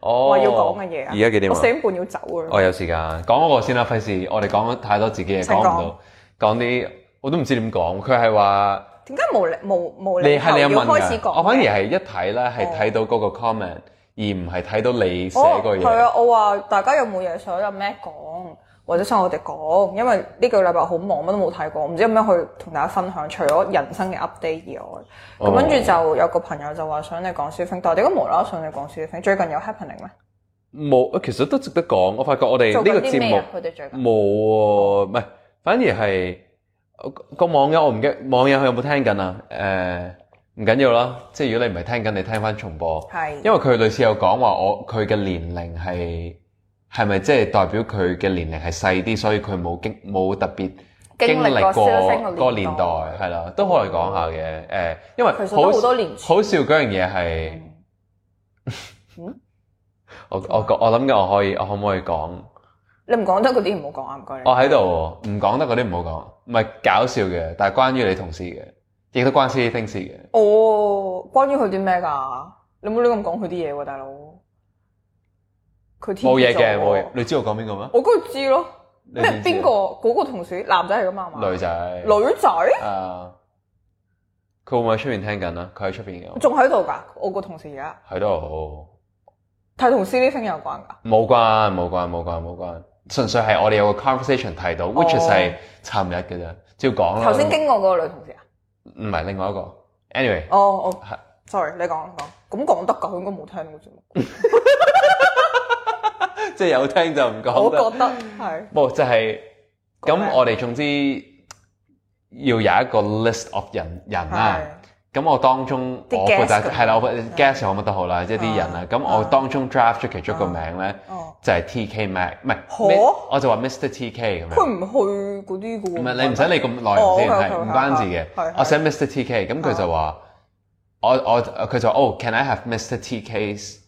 Speaker 2: 我、哦、話要講嘅嘢啊！而家幾點？我四點半要走啊！我有時間講嗰個先啦，費事我哋講咗太多自己嘢講唔到，講啲我都唔知點講。佢係話
Speaker 1: 點解無理無無你有要開始講？我反而係
Speaker 2: 一睇咧，係睇到嗰個 comment、哦、而唔係睇到你寫嗰嘢。係、哦、啊！
Speaker 1: 我話大家有冇嘢想有咩講？或者想我哋講，因為呢個禮拜好忙，乜都冇睇過，唔知有咩可以同大家分享。除咗人生嘅 update 以外，
Speaker 2: 咁、哦、跟住就
Speaker 1: 有個朋友就話想你講 Silly Thing，但係點解無啦啦想你講 Silly Thing？最近有 happening 咩？
Speaker 2: 冇，其實都值得講。我發覺我哋呢個節目冇喎，唔係、啊，反而係、嗰個網友我，我唔記得網友佢有冇聽緊啊？誒、呃，唔緊要啦，即係如果你唔係聽緊，你聽翻重播。係，因為佢類似有講話，我佢嘅年齡係。係咪即係代表佢嘅年齡係細啲，所以佢冇經冇特別
Speaker 1: 經歷過個年
Speaker 2: 代。係啦，嗯，都可以講下嘅，嗯。因為佢好多年好笑嗰樣嘢係，嗯，嗯 我我我諗嘅，我，我可以，我可唔可以講？
Speaker 1: 你唔講得嗰啲唔好講啊！唔該。我
Speaker 2: 喺度，唔、嗯、講得嗰啲唔好講，唔係搞笑嘅，但係關於你同事嘅，亦都關涉啲 Silly Thing
Speaker 1: 嘅。哦，關於佢啲咩㗎？你冇亂咁講佢啲嘢喎，大佬。冇嘢嘅，冇嘢。
Speaker 2: 你知道我講邊個咩？我梗係知咯。咩？邊個？
Speaker 1: 嗰個同事男仔係咁啱嘛？女
Speaker 2: 仔。女仔。啊、呃！佢會唔會喺出面聽緊啊？佢喺出面嘅。
Speaker 1: 仲喺度㗎？我個同事而家喺度。睇同 C 啲聲音有關
Speaker 2: 㗎？冇關冇關冇關冇關，關。純粹係我哋有個 conversation 提到、哦，which 係尋日嘅啫，照講啦。頭先經
Speaker 1: 過嗰個女同事啊？
Speaker 2: 唔係，另外一個。Anyway 哦。哦
Speaker 1: 哦，sorry，你講講，咁講得㗎，佢應該冇聽個節目。
Speaker 2: 即係有聽就唔講，我覺得不唔、嗯、就係、是、咁，嗯、我哋總之要有一個 list of 人人啦、啊。咁我當中我負責係啦，guess 我乜都好啦，即係啲人啦。咁我當中 draft 出其中個名咧，就係、是、TK Mac，唔係，我就話 Mr TK
Speaker 1: 咁樣。佢唔去嗰啲唔係你唔使理咁耐，唔、哦、關事嘅。我寫
Speaker 2: Mr TK，咁佢、嗯、就話我我佢就哦，Can I have Mr TK's？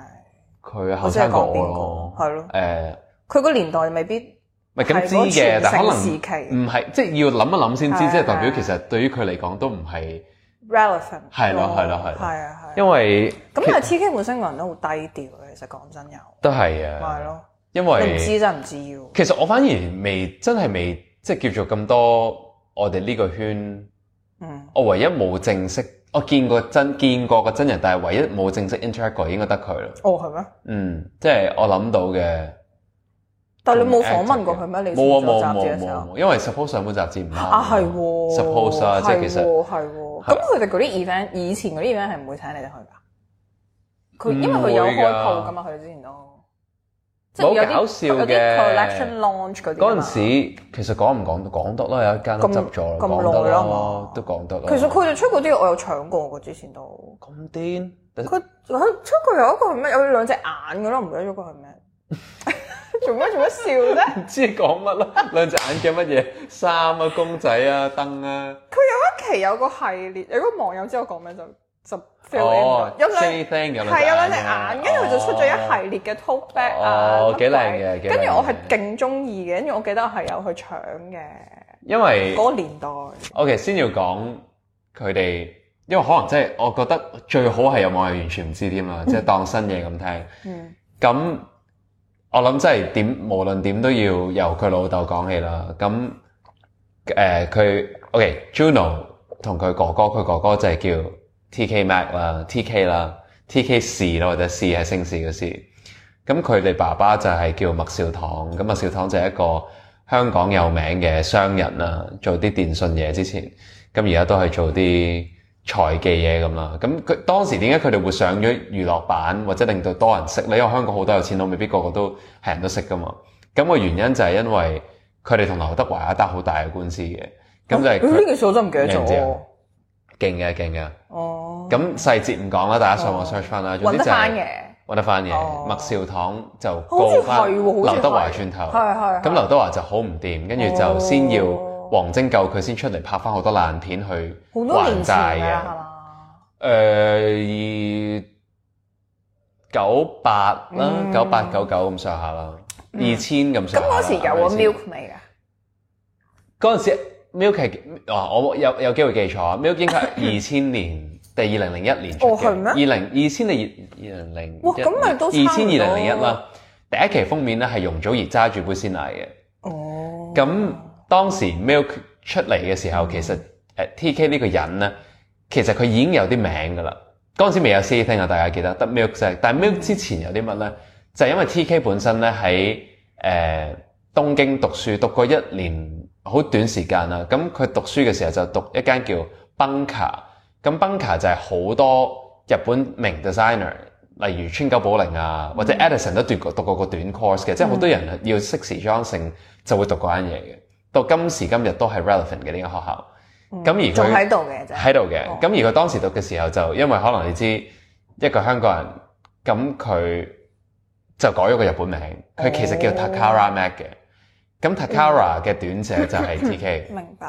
Speaker 2: 佢後生講咯，係咯，誒，
Speaker 1: 佢個年代未必，
Speaker 2: 唔係咁知嘅，但可能唔係，即係要諗一諗先知，即係、就是、代表其實對於佢嚟講都唔係
Speaker 1: relevant，係咯係咯係，係啊
Speaker 2: 因為咁但係 TK
Speaker 1: 本身個人都好低調嘅，其實講真有都係啊，係咯，
Speaker 2: 因為唔知真唔知要，其實我反而未真係未即係接觸咁多我哋呢個圈，嗯，我唯一冇正式。我見過真見過個真人，但係唯一冇正式 interact 過應該得佢咯。哦，係咩？嗯，即係我諗到嘅。
Speaker 1: 但你冇訪問過佢咩？冇啊冇冇冇
Speaker 2: 因為 suppose 上本雜誌唔係啊係
Speaker 1: suppose
Speaker 2: 啊，哦 suppose are，哦、即係其實係喎。咁佢
Speaker 1: 哋嗰啲 event 以前嗰啲 event 係唔會請你哋去㗎。
Speaker 2: 佢因為佢有開鋪㗎嘛，佢哋之前都。
Speaker 1: 好搞笑嘅，collection launch 嗰陣時
Speaker 2: 其實講唔講都講得啦，有一間執咗咁耐講得咯，都講得啦。其實佢
Speaker 1: 哋出嗰啲我有搶過嘅，之前都咁癲。佢佢出佢有一個係咩？有兩隻眼嘅咯，唔記得咗個係咩？做乜做乜笑啫？唔
Speaker 2: 知講乜咯？兩隻眼叫乜嘢？衫啊，公仔啊，燈啊。
Speaker 1: 佢有一期有一個系列，有個網友知我講咩就就。就哦，有兩，係有兩隻眼，跟住佢就出咗一系列嘅 talkback 啊，幾
Speaker 2: 靚嘅，跟住我係
Speaker 1: 勁中意嘅，跟住我記得係有去搶嘅，
Speaker 2: 因為嗰個
Speaker 1: 年代。
Speaker 2: OK，先要講佢哋，因為可能真係我覺得最好係有冇人完全唔知添啦，即係當新嘢咁聽。咁我諗真係點，無論點都要由佢老豆講起啦。咁誒，佢 OK，Juno 同佢哥哥，佢哥哥就係叫。T.K. Mac 啦，T.K. 啦，T.K. 士啦，或者士係姓氏嘅士。咁佢哋爸爸就係叫麥兆棠，咁麥兆棠就係一個香港有名嘅商人啦。做啲電訊嘢之前，咁而家都係做啲財技嘢咁啦。咁佢當時點解佢哋會上咗娛樂版，或者令到多人識咧？因為香港好多有錢佬，未必個個都係人都，人都識噶嘛。咁、那個原因就係因為佢哋同劉德華一打好大嘅官司嘅。咁就係，呢、啊、件事我唔記得咗。勁嘅，勁嘅。
Speaker 1: 哦。咁
Speaker 2: 細節唔講啦，大家上網 search 翻啦。揾、哦總之就、得翻嘅。揾得翻嘅。麥兆棠就高翻。好似好似賠。劉德華轉頭。係係。咁劉德華就好唔掂，跟、哦、住就先要王晶救佢，先出嚟拍翻好多爛片去還債嘅。好多
Speaker 1: 年
Speaker 2: 前啦、啊。誒、呃，二九八啦，九八九九咁上下啦，二千咁上下。咁嗰、嗯、時有冇 Milk
Speaker 1: 咩嘅？嗰
Speaker 2: 陣時。Milk 啊，我有有機會記錯。Milk 應該二千年定二零零一年出嘅。哦，係咩？二零二千零二二零零？咁咪都差唔多咯。二千二零零一啦。2000, 2001, 第一期封面咧係容祖兒揸住杯鮮奶嘅。哦。咁當時 Milk 出嚟嘅時候，其實誒 TK 呢個人咧，其實佢已經有啲名㗎啦。嗰陣時未有 Silly Thing 啊，大家記得得 Milk 啫。但係 Milk 之前有啲乜咧？就係、因為 TK 本身咧喺誒東京讀書，讀過一年。好短時間啦，咁佢讀書嘅時候就讀一間叫 Bunka，咁 Bunka 就係好多日本名 designer，例如川久保玲啊，或者 Edison 都讀過讀過個短 course 嘅、嗯，即係好多人要識時裝性就會讀嗰間嘢嘅，到今時今日都係 relevant 嘅呢間學校。咁、嗯、而佢仲喺度嘅，喺度嘅。咁、哦、而佢當時讀嘅時候就因為可能你知一個香港人，咁佢就改咗個日本名，佢其實叫 Takara Mac 嘅。欸咁 Takara 嘅短寫就係 T.K. 明白。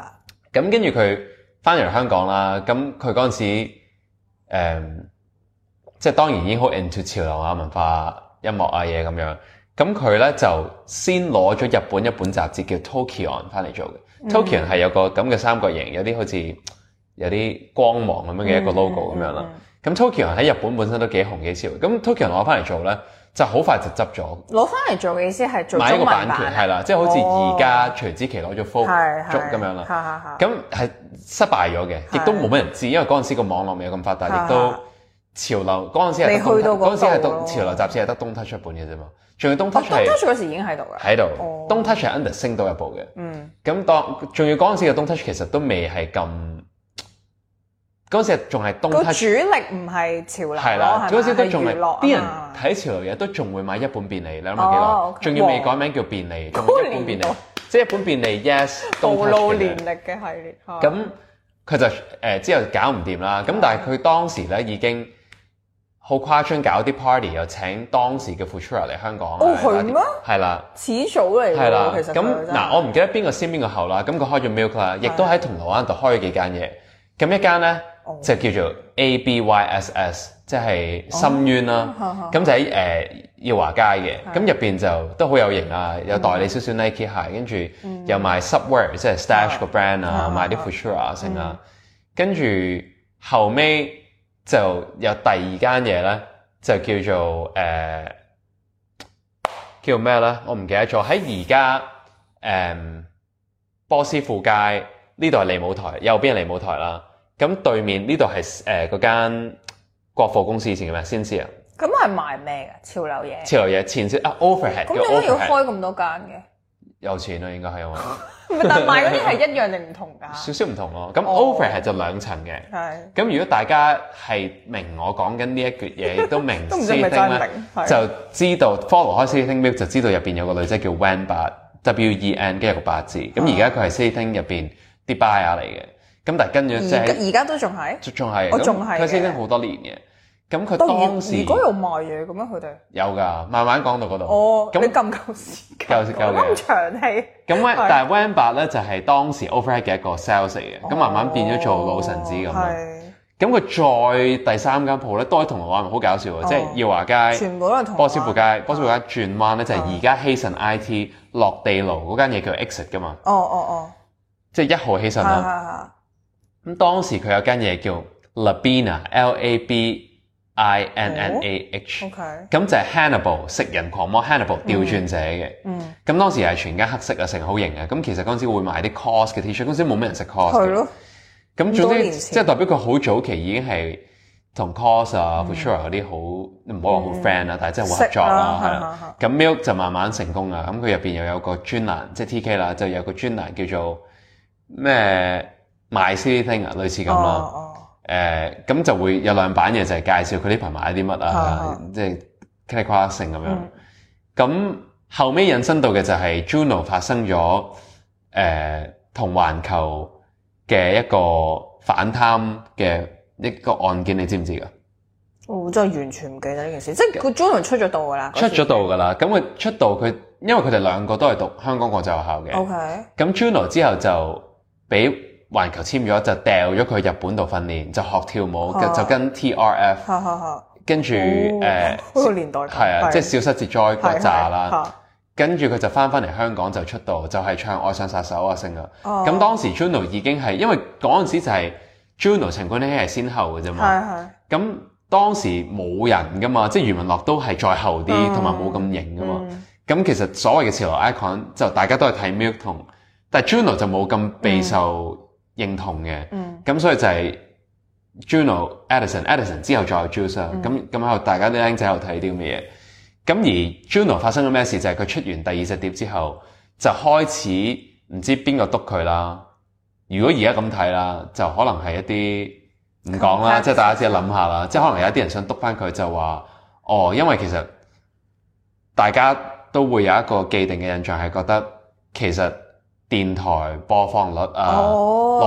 Speaker 2: 咁跟住佢翻嚟香港啦，咁佢嗰陣時、嗯、即係當然已經好 into 潮流啊、文化、啊、音樂啊嘢咁樣。咁佢咧就先攞咗日本一本雜誌叫 Tokyon 翻嚟做嘅。嗯、Tokyon 係有個咁嘅三角形，有啲好似有啲光芒咁樣嘅一個 logo 咁樣啦。咁、嗯嗯嗯、Tokyon 喺日本本身都幾紅幾潮。咁 Tokyon 攞翻嚟做咧。就好快就執咗，
Speaker 1: 攞翻嚟做嘅意思係買一個版權，係、哦、啦，即係、就是、好似而家
Speaker 2: 徐子淇攞咗《Full Book》咁樣啦。咁係失敗咗嘅，亦都冇咩人知，因為嗰陣時個網絡未有咁發達，亦都潮流嗰陣時係得，嗰陣時潮流雜誌係得東 Touch 一本嘅啫嘛。仲要東 Touch，東 Touch
Speaker 1: 嗰時已經喺度啦，喺
Speaker 2: 度。東、哦、Touch 係 under 升到一步嘅，嗯。咁當仲要嗰陣時嘅東 Touch 其實都未係咁。嗰時仲係東主
Speaker 1: 力唔係潮流，係啦。嗰時都仲係啲人
Speaker 2: 睇潮流嘅，都仲會買一本便利。兩百幾多仲要未改名叫便利？哦、一本便利，即一本便利 ，Yes 東他年
Speaker 1: 嚟嘅系列。咁、
Speaker 2: 啊、佢就誒、呃、之後搞唔掂啦。咁但係佢當時咧已經好誇張，搞啲 party 又請當時嘅 Futura 嚟香港。哦，佢？係啦，
Speaker 1: 始祖嚟係啦，其咁嗱、啊，我
Speaker 2: 唔記得邊個先邊個後啦。咁佢開咗 Milk 啦，亦都喺銅鑼灣度開咗幾間嘢。咁一間咧。Oh. 就叫做 Abyss，即係深淵啦。咁、oh, right. 就喺誒耀華街嘅，咁、right. 入面就都好有型啊，right. 有代理少少、mm -hmm. Nike 鞋，跟住有賣 Subwear 即係 Stash 個 brand 啊，賣啲 Puma 成啊。跟、right. 住、hmm. 後尾就有第二間嘢咧，就叫做誒、啊、叫咩咧？我唔記得咗。喺而家誒波斯富街呢度係利舞台，右邊係利舞台啦。咁對面呢度係誒嗰間國貨公司，以前叫咩先知啊？
Speaker 1: 咁係賣咩嘅潮流嘢？
Speaker 2: 潮流嘢前先啊，Overhead 叫 Overhead 咁點都要開
Speaker 1: 咁多間嘅？
Speaker 2: 有錢啦，應該係嘛、啊？咪 但賣嗰啲係一
Speaker 1: 樣定唔同㗎？
Speaker 2: 少少唔同咯、啊。咁 Overhead 就兩層嘅。咁、哦、如果大家係明我講緊呢一橛嘢，都明 都唔知 t 就知道、okay. follow 開 Silly Thing Milk，就知道入面有個女仔叫 Wen 巴 W-E-N，跟住有個八字。咁而家佢係 Silly Thing 入邊啲 buyer 嚟嘅。 咁但係跟住即係而家都仲係，仲係，我仲係，佢先升好多年嘅。咁佢當時如果
Speaker 1: 又賣嘢咁樣，佢哋
Speaker 2: 有㗎。慢慢講到嗰度，咁、哦、你咁夠時間，夠夠嘅，咁
Speaker 1: 長氣。咁但係
Speaker 2: Van 白咧就係、是、當時 over 喺嘅一個 sales 嘅、哦，咁慢慢變咗做老臣子咁啊。咁、哦、佢再第三間鋪咧，都係銅鑼灣，好搞笑喎，即係耀華街，全部都係銅鑼灣，波斯富街，波斯富街轉彎咧就係而家希慎 IT、嗯、落地路嗰間嘢叫 Exit 㗎嘛。哦哦哦，即、就、
Speaker 1: 係、
Speaker 2: 是、一號希慎啦。咁當時佢有間嘢叫 Labina，L A B I N N A H，咁、哦 okay. 就係 Hannibal 食人狂魔 Hannibal 調轉者嘅。咁、嗯嗯、當時係全家黑色啊，成好型啊。咁其實嗰陣時會買啲 COS 嘅 T-shirt，嗰陣時冇咩人食 COS 嘅。
Speaker 1: 咁總之即係代表
Speaker 2: 佢好早期已經係同 COS 啊、Futura 嗰啲好唔好話好 friend 啊，嗯、但真係合作啦、啊，係咁、啊啊、Milk 就慢慢成功啦。咁佢入面又有個專欄即係 TK 啦，就有個專欄叫做咩？嗯賣 CD thing 啊，類似咁咯。誒、oh, oh, oh. 呃，咁就會有兩版嘢就係、是、介紹佢呢排買啲乜、oh, oh. 啊，啊，即係 kick 咁樣。咁後尾引申到嘅就係 Juno 發生咗誒、呃、同環球嘅一個反貪嘅一個案件，你知唔知噶？
Speaker 1: 我真係完全唔記得呢件事，即係佢 Juno 出咗道㗎啦。出咗道
Speaker 2: 㗎啦，咁佢出道佢，因為佢哋兩個都係讀香港國際學校嘅。OK。咁 Juno 之後就俾。環球簽咗就掉咗佢去日本度訓練，就學跳舞，啊、就跟 T.R.F、啊啊、跟住誒，哦呃、年
Speaker 1: 代係啊，即係、啊就是、小
Speaker 2: 室哲哉嗰紮啦。啊啊啊、跟住佢就翻返嚟香港就出道，就係、是、唱《愛上殺手》啊，成啦。咁、哦、當時 Juno 已經係因為嗰陣時就係 Juno 陳冠希係先後嘅啫嘛。咁、啊啊、當時冇人㗎嘛，即係余文樂都係再後啲，同埋冇咁型㗎嘛。咁、嗯、其實所謂嘅潮流 icon 就大家都係睇 Milk 同，但係 Juno 就冇咁備受。嗯認同嘅，咁、嗯、所以就係 Juno、Edison、Edison 之後再有 Juice 咁咁喺度，嗯、後大家啲靚仔又睇啲咁嘅嘢。咁而 Juno 發生咗咩事？就係、是、佢出完第二隻碟之後，就開始唔知邊個督佢啦。如果而家咁睇啦，就可能係一啲唔講啦，即係大家只係諗下啦。即係可能有一啲人想督翻佢，就、嗯、話哦，因為其實大家都會有一個既定嘅印象，係覺得其實。電台播放率啊，攞、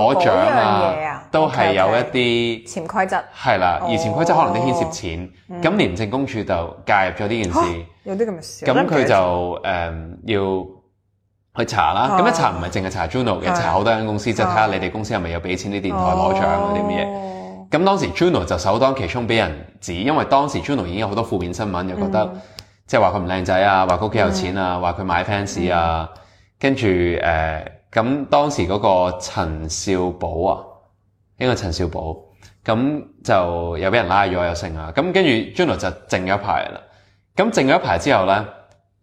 Speaker 2: oh, 獎啊，啊都係有一啲、okay, okay.
Speaker 1: 潛規則。係
Speaker 2: 啦，oh. 而潛規則可能都牽涉錢，咁、oh. 廉、mm. 政公署就介入咗呢件事。
Speaker 1: 有啲咁嘅事。咁佢就
Speaker 2: 誒要去查啦。咁、oh. 一查唔係淨係查 Juno 嘅，oh. 查好多間公司，即係睇下你哋公司係咪有俾錢啲電台攞獎嗰啲乜嘢。咁、oh. 當時 Juno 就首當其衝俾人指，因為當時 Juno 已經有好多負面新聞，又覺得、mm. 即係話佢唔靚仔啊，話佢幾有錢啊，話、mm. 佢買 fans 啊。Mm. 跟住誒，咁、呃、當時嗰個陳少寶啊，應該陳少寶，咁就又俾人拉咗又剩啊，咁、嗯、跟住 Juno 就靜咗一排啦。咁靜咗一排之後咧，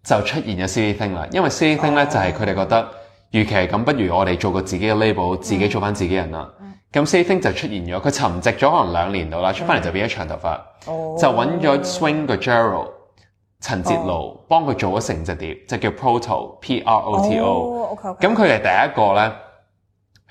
Speaker 2: 就出現咗 Silly Thing 啦。因為 Silly Thing 咧就係佢哋覺得，與其係咁，如不如我哋做個自己嘅 label，自己做翻自己人啦。咁、嗯、Silly Thing 就出現咗，佢沉寂咗可能兩年到啦，出翻嚟就變咗長頭髮，哦、就揾咗 Swing 嘅 Jerald 陳哲盧幫佢做咗成隻碟，oh. 就叫 Proto，P R O T O。咁佢哋第一個咧，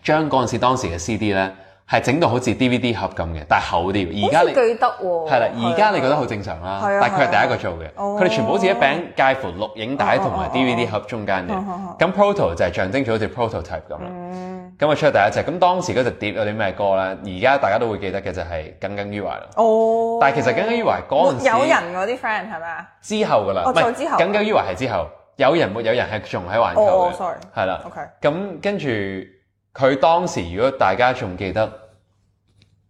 Speaker 2: 將嗰陣時當時嘅 CD 咧，係整到好似 DVD 盒咁嘅，但係厚啲。而家你記得喎、啊，係啦，而家你覺得好正常啦。但係佢係第一個做嘅，佢、oh. 哋全部好似一餅介乎錄影帶同埋 DVD 盒中間嘅。咁、oh. oh. oh. Proto 就係象徵住好似 prototype 咁啦。嗯。咁啊出去第一隻，咁當時嗰隻碟有啲咩歌咧？而家大家都會記得嘅就係、是《耿耿於懷》咯。哦！但其實《耿耿於懷》嗰陣時有人
Speaker 1: 嗰啲 friend 係咪啊？
Speaker 2: 之後噶啦，唔係之後，《耿耿於懷》係之後，嗯、有人冇有人係仲喺環球嘅，係、哦、啦、哦。OK。咁跟住佢當時如果大家仲記得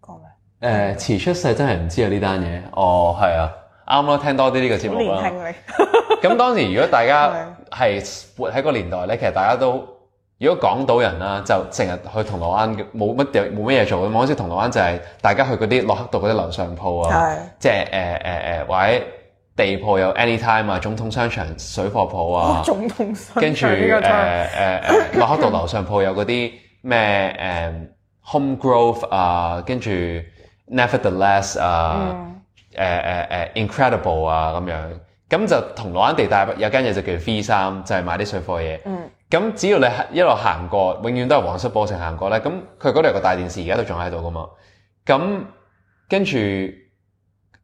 Speaker 2: 講咩誒，遲、呃、出世真係唔知啊呢單嘢。哦，係啊，啱囉，聽多啲呢個節目啦。年輕咁 當時如果大家係活喺個年代咧，其實大家都。如果港島人啦，就成日去銅鑼灣，冇乜嘢冇乜嘢做。咁嗰陣時銅鑼灣就係大家去嗰啲洛克道嗰啲樓上鋪啊，即係誒誒誒，或者地鋪有 Anytime 啊、總統商場、水貨鋪啊，總統商
Speaker 1: 場跟住誒
Speaker 2: 誒誒，洛、呃呃、克道樓上鋪有嗰啲咩、 嗯、HomeGrove 啊，跟住 Nevertheless 啊、嗯呃呃呃、Incredible 啊咁樣，咁就銅鑼灣地帶有間嘢就叫 V3，三，就係買啲水貨嘢。嗯咁只要你一路行過，永遠都係黃色波城行過咧。咁佢嗰度有個大電視，而家都仲喺度噶嘛。咁跟住誒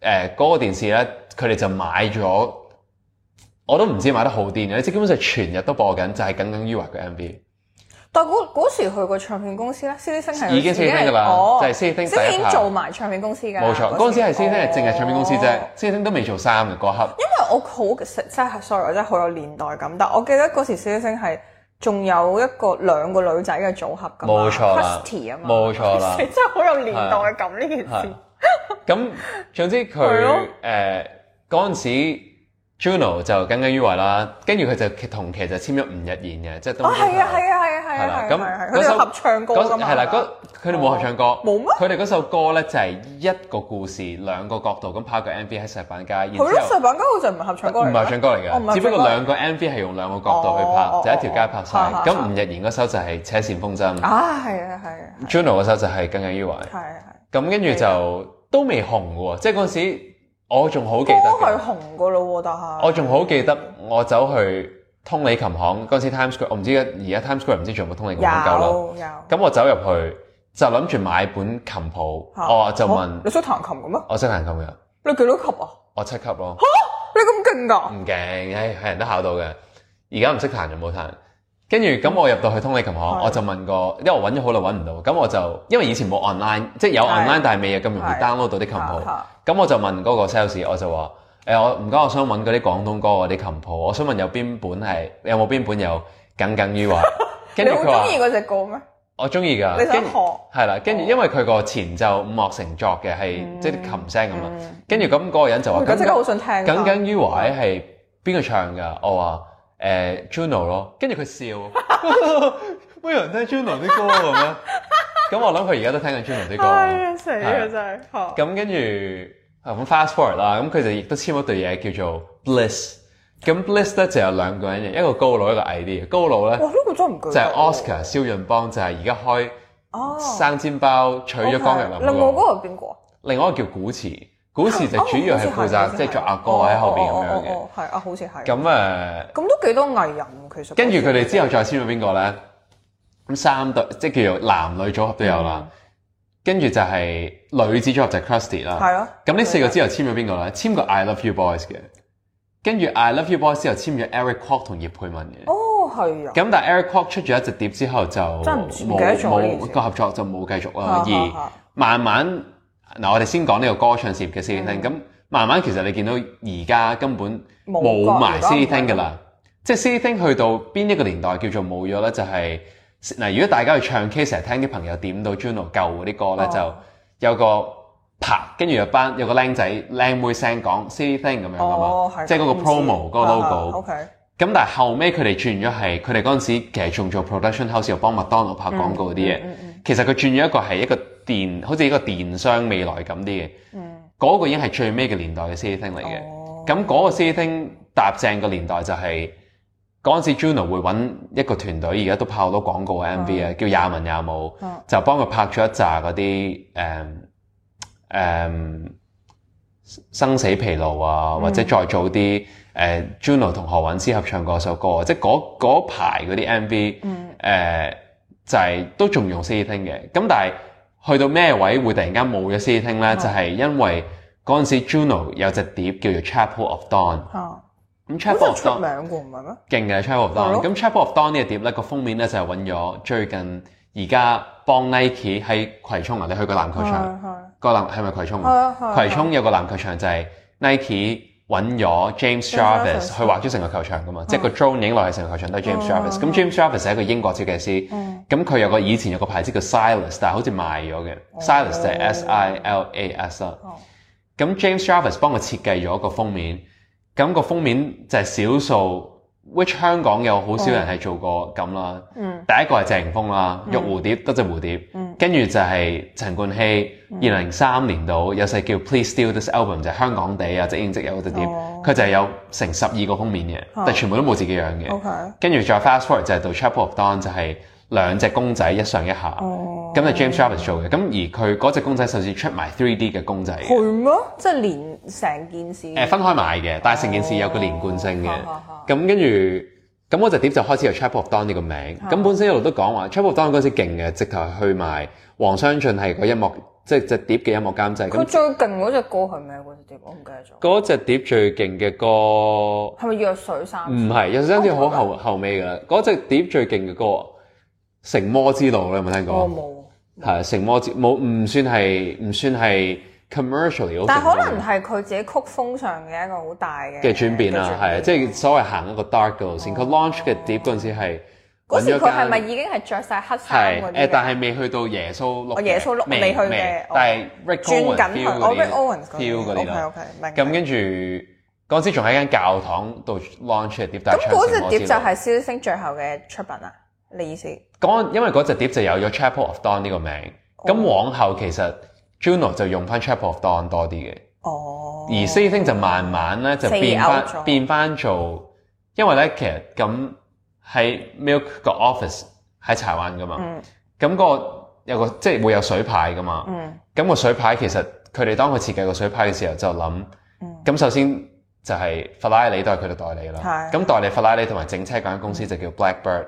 Speaker 2: 嗰個電視咧，佢哋就買咗，我都唔知買得好電嘅，即基本上全日都播緊，就係耿耿於懷嘅 M V。
Speaker 1: 但係嗰時去個唱片公司咧，C D 星係已經已經哦、就係，C D 星已經、哦、做埋唱片公司㗎。冇錯，嗰時係 C D 星係淨係唱片公司啫
Speaker 2: ，C D 星都未做三嘅嗰刻。因
Speaker 1: 為我好真係 sorry，我真係好有年代感，但我記得嗰時 C D 星係。仲有一個兩個女仔嘅組合噶嘛，Kirsty 啊嘛，冇錯，冇錯，真係好有年代感呢件事。
Speaker 2: 咁總之佢誒嗰陣時。Juno 就《耿耿於懷》啦，跟住佢就同期就簽咗吳日言嘅，即係都。唔係啊，係啊，
Speaker 1: 係啊，係啊。係啦、啊，咁嗰、啊啊啊啊、首有合唱歌咁。係啦、啊，
Speaker 2: 佢哋冇合唱歌。冇、哦、咩？佢哋嗰首歌咧就係一個故事兩個角度咁拍個 MV 喺石板街。好、哦、啦，石板街好似唔係合
Speaker 1: 唱歌嚟。唔係合唱歌嚟嘅、哦，只不過兩個
Speaker 2: MV 係用兩個角度去拍，哦、就一條街拍晒。咁、哦啊、吳日言嗰首就係、是《扯線風箏》啊，係啊，係啊。Juno 嗰首就係《耿耿於懷》。係啊，係。咁跟住就都未紅嘅喎，即係嗰陣時。我仲好記得，都
Speaker 1: 係紅個咯，但係
Speaker 2: 我仲好記得我走去通利琴行嗰陣、嗯、時，Times Square，我唔知而家 Times Square 唔知仲有冇通利琴行夠啦。有有。咁我走入去就諗住買本琴譜，哦、啊、就問、啊、你
Speaker 1: 識彈琴嘅咩？我
Speaker 2: 識彈琴嘅。你幾多級啊？我七級咯。啊、你咁勁㗎？唔勁，係、哎、係人都考到嘅。而家唔識彈就冇彈。跟住咁，嗯、我入到去通利琴行，我就問過，因為我揾咗好耐揾唔到，咁我就因為以前冇 online，即係有 online, 有 online 但係未有咁容易 download 到啲琴譜咁、嗯嗯、我就問嗰個 sales，我就話：誒我唔該，我想揾嗰啲廣東歌嗰啲琴譜，我想問有邊本係，有冇邊本有《耿耿於懷？》 你好中意嗰隻歌咩？我中意㗎。你想學？係啦，跟、哦、住因為佢個前奏伍樂城作嘅，係即係啲琴聲咁嘛，跟住咁嗰個人就話：嗯嗯、
Speaker 1: 想緊耿耿
Speaker 2: 於懷係邊個唱㗎？我話。誒、uh, Juno 咯，跟住佢笑，冇 人聽 Juno 啲歌咁樣，咁、 嗯、我諗佢而家都聽緊 Juno 啲歌。 哎呀死真
Speaker 1: 係！
Speaker 2: 咁跟住咁 fast forward 啦、嗯，咁佢就亦都簽咗對嘢叫做 Bliss, Bliss。咁 Bliss 咧就有兩個人嘅，一個高佬一個矮啲嘅，高佬咧
Speaker 1: 哇呢、呢個真唔記
Speaker 2: 就係、是、Oscar 蕭、哦、潤邦就係而家開生煎包、哦、娶咗江嘅、那個。琳、okay,。另外
Speaker 1: 嗰個邊個
Speaker 2: 另外一個叫古子。古時就主要係負責，即係做阿哥喺後邊咁、哦哦哦、樣嘅，係、哦、啊、哦哦哦，好似係。咁誒，
Speaker 1: 咁、嗯、都幾多藝人其實。跟住佢
Speaker 2: 哋之後再簽咗邊個咧？咁三對，即係叫做男女組合都有啦、嗯。跟住就係女子組合就 Crusty 啦。係咁呢四個之後簽咗邊個咧？簽過 I Love You Boys 嘅。跟住 I Love You Boys 之後簽咗 Eric Kwok 同葉佩文
Speaker 1: 嘅。哦，係啊。咁
Speaker 2: 但係 Eric Kwok 出咗一隻碟之後就真係唔記得咗，冇冇個合作就冇繼續啦、啊，而慢慢。嗱，我哋先講呢個歌唱事業嘅 Silly Thing、嗯。咁慢慢其實你見到而家根本冇埋 Silly Thing 㗎啦。嗯、即係 Silly Thing 去到邊一個年代叫做冇咗咧？就係、是、嗱，如果大家去唱 K 成日聽啲朋友點到 Juno 舊嗰啲歌咧、哦哦，就有、是、個拍，跟住有班有個靚仔靚妹聲講 Silly Thing 咁樣㗎嘛。即係嗰個 promo 嗰、嗯、個 logo 嗯嗯嗯。咁但係後尾佢哋轉咗係，佢哋嗰陣時其實仲做 production house 又幫麥當勞拍廣告啲嘢。嗯嗯，其實佢轉咗一個係一個。電好似一個電商未來咁啲嘅，嗰、嗯那個已經係最尾嘅年代嘅 Casting 嚟嘅。咁、哦、嗰個 Casting 搭正個年代就係嗰陣時 Juno 會揾一個團隊，而家都拍好多廣告 MV 啊、嗯，叫也文也武就幫佢拍咗一紮嗰啲誒生死疲勞啊，嗯、或者再早啲、呃、Juno 同何韻詩合唱嗰首歌，即係嗰嗰排嗰啲 MV 誒、嗯呃、就係、是、都仲用 Casting 嘅。咁但係去到咩位會突然間冇咗 CD 聽呢？就係因為嗰陣時 Juno 有隻碟叫做《Chapel of Dawn》。哦，
Speaker 1: 咁
Speaker 2: 《Chapel of Dawn》出
Speaker 1: 名過唔係咩？
Speaker 2: 勁嘅《Chapel of Dawn》。咁《Chapel of Dawn》呢個碟咧個封面咧就係揾咗最近而家幫 Nike 喺葵涌啊！你去過籃球場？個籃係咪葵涌啊？葵涌有個籃球場就係 Nike。揾咗 James Jarvis 去畫咗成個球場㗎嘛，即係個 drone 影落嚟成個球場都係 James Jarvis。咁 James Jarvis 係一個英國設計師，咁佢有個以前有個牌子叫 Silas，但係好似賣咗嘅。Silas 就係 S-I-L-A-S。咁 James Jarvis 幫佢設計咗個封面，咁個封面就係少數，which 香港有好少人係做過咁啦。第一個係謝霆鋒啦，玉蝴蝶，得隻蝴蝶。跟住就係陳冠希二零零三年度、嗯、有世叫 Please steal this album 就係香港地啊，即影即有嗰隻碟，佢、哦、就係有成十二個封面嘅、哦，但全部都冇自己樣嘅。跟、哦、住、okay. 再 fast forward 就係到 Chapel of Dawn 就係兩隻公仔一上一下，咁、哦、就 James Jarvis 做嘅。咁而佢嗰隻公仔甚至出埋 three D 嘅公仔。係
Speaker 1: 咩？即係連成件事、呃、
Speaker 2: 分開買嘅，但係成件事有個連貫性嘅。咁跟住。哦哦哦咁我隻碟就開始有 Trap of Dawn 呢、呢個名，咁、嗯、本身一路都講話、嗯、Trap of Dawn 嗰陣時勁嘅，直頭去埋黃湘俊係個音樂，即係隻碟嘅音樂監製。佢最勁嗰隻
Speaker 1: 歌係咩嗰隻碟？我唔記得
Speaker 2: 咗。嗰隻碟最勁嘅歌
Speaker 1: 係咪藥水三？唔係
Speaker 2: 藥水三字好後、哦、後尾嘅，嗰隻、嗯、碟最勁嘅歌《成魔之路》你有冇聽過？我、哦、冇。係《成魔之路》冇，唔算係唔算係。Commercially 但可能
Speaker 1: 係佢自己曲風上嘅一個好大嘅嘅
Speaker 2: 轉變啦、啊，係即係所謂行一個 dark 路線。佢、哦、launch 嘅碟嗰陣時係，嗰時佢係咪
Speaker 1: 已經係著晒黑衫嗰啲，但係
Speaker 2: 未去到耶穌褲、哦，耶穌褲未去嘅，但係轉緊向我 Rick Owens 標嗰啲咯。啊啊啊啊啊、OK OK，明。咁跟住嗰陣時仲喺間教堂度 launch 嘅碟。咁嗰隻碟就係
Speaker 1: 蕭星最後嘅出品啊？你意思？
Speaker 2: 嗰因為嗰隻碟就有咗 Chapel of Dawn 呢個名，咁、哦、往後其實。Juno 就用翻 Chapel of Dawn 多啲嘅，oh, 而 Casting 就慢慢咧、mm. 就變翻變翻做，因為咧其實咁喺 Milk 個 office 喺柴灣噶嘛，咁、mm. 個有個即係會有水牌噶嘛，咁、mm. 個水牌其實佢哋當佢設計個水牌嘅時候就諗，咁、mm. 首先就係法拉利都係佢哋代理啦，咁代理法拉利同埋整車嗰間公司就叫 Blackbird，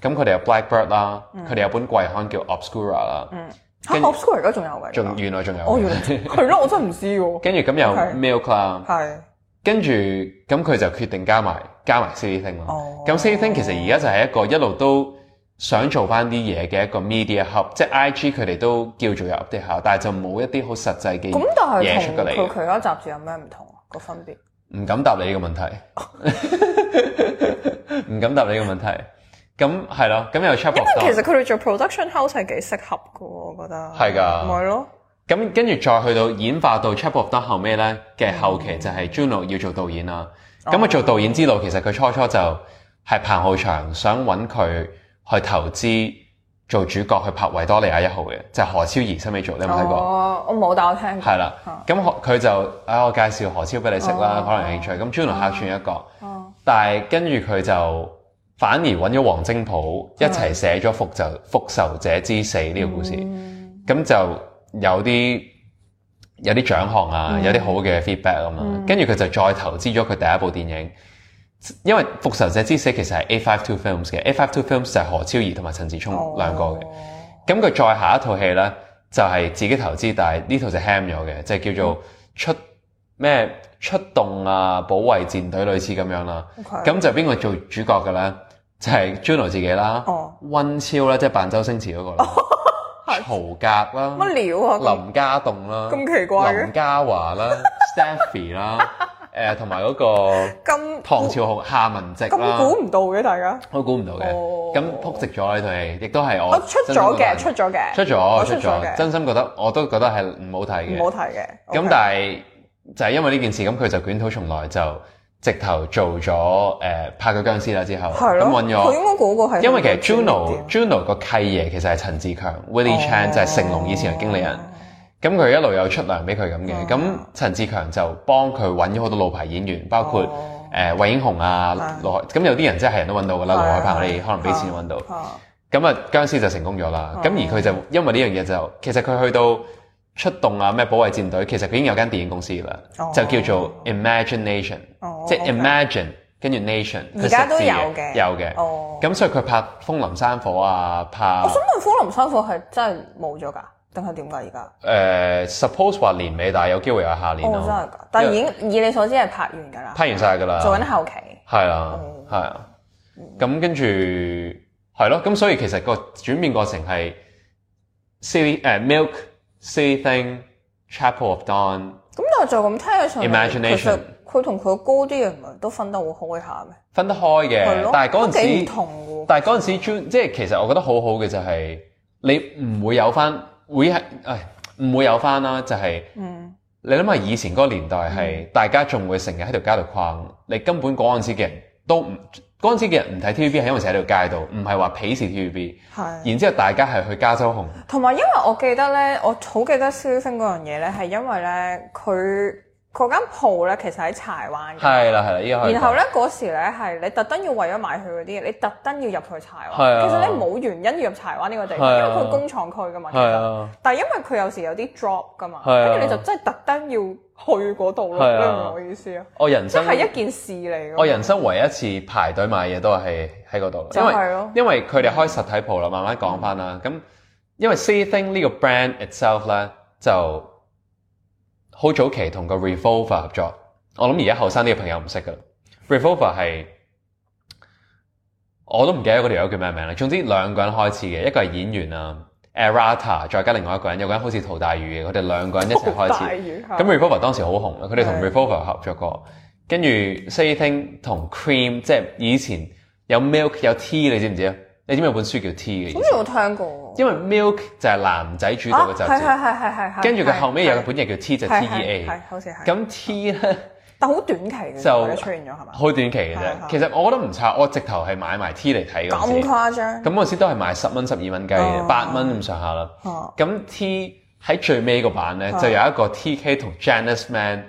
Speaker 2: 咁佢哋有 Blackbird 啦，佢、mm. 哋有本季刊叫 Obscura 啦。Mm. 嚇 u o s c o
Speaker 1: r e 而家仲有喎，
Speaker 2: 仲原來仲有，oh, 原來係
Speaker 1: 咯， 我真係唔知喎。跟
Speaker 2: 住咁又 Milk Club，係跟住咁佢就決定加埋加埋 C Thing 咯。咁、oh, C Thing、okay. 其實而家就係一個一路都想做翻啲嘢嘅一個 media hub，即係 I G 佢哋都叫做有 update 下，但係就冇一啲好實際嘅嘢。咁但係同佢其
Speaker 1: 他雜誌有咩唔同個、啊、個分別？唔
Speaker 2: 敢答你呢個問題，唔 敢答你呢個問題。咁係咯，咁有 Chapter 因為其實佢哋
Speaker 1: 做 production house 係幾適合㗎喎，我覺得。
Speaker 2: 係㗎。係咯。咁跟住再去到演化到 Chapter 當後尾咧嘅後期就係 Juno 要做導演啦。
Speaker 1: 咁、嗯、啊做
Speaker 2: 導演之路其實佢初初就係彭浩翔想搵佢去投資做主角去拍《維多利亞一號》嘅，就係、何超儀心咪做，你有冇睇過？
Speaker 1: 哦、我冇，但我
Speaker 2: 聽過。係啦。咁、啊、佢就啊、哎，我介紹何超俾你識啦、哦，可能有興趣。咁 Juno 客串一個。哦、但係跟住佢就。反而揾咗黃精甫一齊寫咗《復仇復仇者之死》呢、這個故事，咁、嗯、就有啲有啲獎項啊，嗯、有啲好嘅 feedback 啊嘛，跟住佢就再投資咗佢第一部電影，因為《復仇者之死》其實係 A Five Two Films 嘅，A Five Two Films 係何超儀同埋陳子聰兩個嘅，咁、哦、佢再下一套戲呢，就係、是、自己投資，但係呢套就 ham 咗嘅，就是、叫做出咩、嗯、出動啊保衛戰隊類似咁樣啦，咁、嗯 okay. 就邊個做主角嘅呢？就係、是、Juno 自己啦，温、oh. 超啦，即係扮周星馳嗰個啦，曹、oh. 格啦，乜
Speaker 1: 料啊，林
Speaker 2: 家棟啦，咁奇怪、啊、林嘉華啦，Stephy 啦，誒同埋嗰個，唐朝紅 夏文汐啦，估唔到嘅大家，都估唔到嘅，咁、oh. 撲直咗呢套戲亦都係我出咗嘅，出
Speaker 1: 咗嘅，出咗，出咗，真
Speaker 2: 心覺得我都覺得係唔好睇嘅，唔好睇
Speaker 1: 嘅，咁、okay、但
Speaker 2: 係就係、是、因為呢件事，咁佢就捲土重來就。直頭做咗誒、呃、拍個僵屍啦，之後，咁揾咗佢應
Speaker 1: 該嗰個係因為其
Speaker 2: 實 Juno Juno 個契爺其實係陳志強 ，Willie Chan 就係、是、成龍以前嘅經理人，咁佢、 嗯、一路有出糧俾佢咁嘅，咁、嗯、陳志強就幫佢搵咗好多老牌演員，嗯、包括誒、嗯呃、惠英紅啊，盧、嗯、海，咁有啲人真係人都搵到㗎啦，盧海鵬，你可能俾錢搵到，咁啊僵屍就成功咗啦，咁而佢就因為呢樣嘢就其實佢去到。出動啊！咩保衛戰隊？其實佢已經有間電影公司啦，oh. 就叫做 Imagination，oh. 即係 Imagine、okay. 跟住 Nation。而家都有嘅，有嘅。哦。咁所以佢拍《風林山火》啊，拍…… Oh, 我想
Speaker 1: 問《風林山火》係真係冇咗㗎，定係點㗎而家？
Speaker 2: 誒，Suppose 話年尾，但係有機會有下年咯。Oh, 真
Speaker 1: 係㗎！但已經以你所知係拍完㗎啦。拍
Speaker 2: 完晒㗎啦。做緊後期。係啊，係、okay. 啊。咁跟住係咯，咁、啊、所以其實個轉變過程係 Silly 誒 Milk。Silly Thing, Chapel of Dawn。
Speaker 1: 咁但係就咁聽起 imagination，佢同佢高啲人咪都分得好開一下咩？
Speaker 2: 分得開嘅，但係嗰陣時，同但係嗰陣時 n 即係其實我覺得好好嘅就係、是、你唔會有翻，會係，唉，唔會有翻啦，就係、是，嗯，你諗下以前嗰個年代係、嗯、大家仲會成日喺條街度框，你根本嗰陣時嘅人都唔。嗰陣時嘅人唔睇 TVB 係因為成日喺條街度，唔係話鄙視 TVB。係。然之後大家係去加州紅。
Speaker 1: 同埋因為我記得咧，我好記得 Silly Thing 嗰樣嘢咧，係因為咧佢嗰間鋪咧其實喺柴灣。
Speaker 2: 係啦係啦，這個、然後咧
Speaker 1: 嗰時咧係你特登要為咗買佢嗰啲嘢，你特登要，要入去柴灣。其實你冇原因要入柴灣呢個地方，因為佢工廠區㗎嘛。係啊。但係因為佢有時有啲 drop 㗎嘛，跟住你就真係特登要。去嗰度咯，係啊，唔好意思啊。我人生即係一件事嚟。我人
Speaker 2: 生唯一一次排隊買嘢都係喺嗰度，因為因為佢哋開實體鋪啦。慢慢講返啦。咁、嗯、因為 Silly Thing 呢個 brand itself 咧，就好早期同個 Revolver 合作。我諗而家後生啲嘅朋友唔識㗎啦。Revolver 係，我都唔記得嗰條友叫咩名啦。總之兩個人開始嘅，一個係演員啊。Arata 再加另外一個人，有個人好似陶大宇嘅，佢哋兩個人一齊開始。咁 Recover 當時好紅啊，佢哋同 Recover 合作過，跟住 Silly Thing 同 Cream，即係以前有 Milk 有 T 你知唔知啊？你知唔知有本書叫 T 嘅意
Speaker 1: 思？我有聽過、
Speaker 2: 啊。因為 Milk 就係男仔主導嘅就業。啊，係係係
Speaker 1: 跟住佢後尾有個
Speaker 2: 本嘢叫 T，就 Tea 係，好
Speaker 1: 似係。
Speaker 2: 咁 T 咧？嗯嗯
Speaker 1: 好短期嘅，就出現咗係
Speaker 2: 嘛？好短期嘅啫，其實我覺得唔差。我直頭係買埋 T 嚟睇嗰陣時咁誇張。咁嗰時都係賣十蚊、十二蚊雞嘅，八蚊咁上下啦。咁、哦、T 喺最尾個版咧，就有一個 TK 同 Janice Man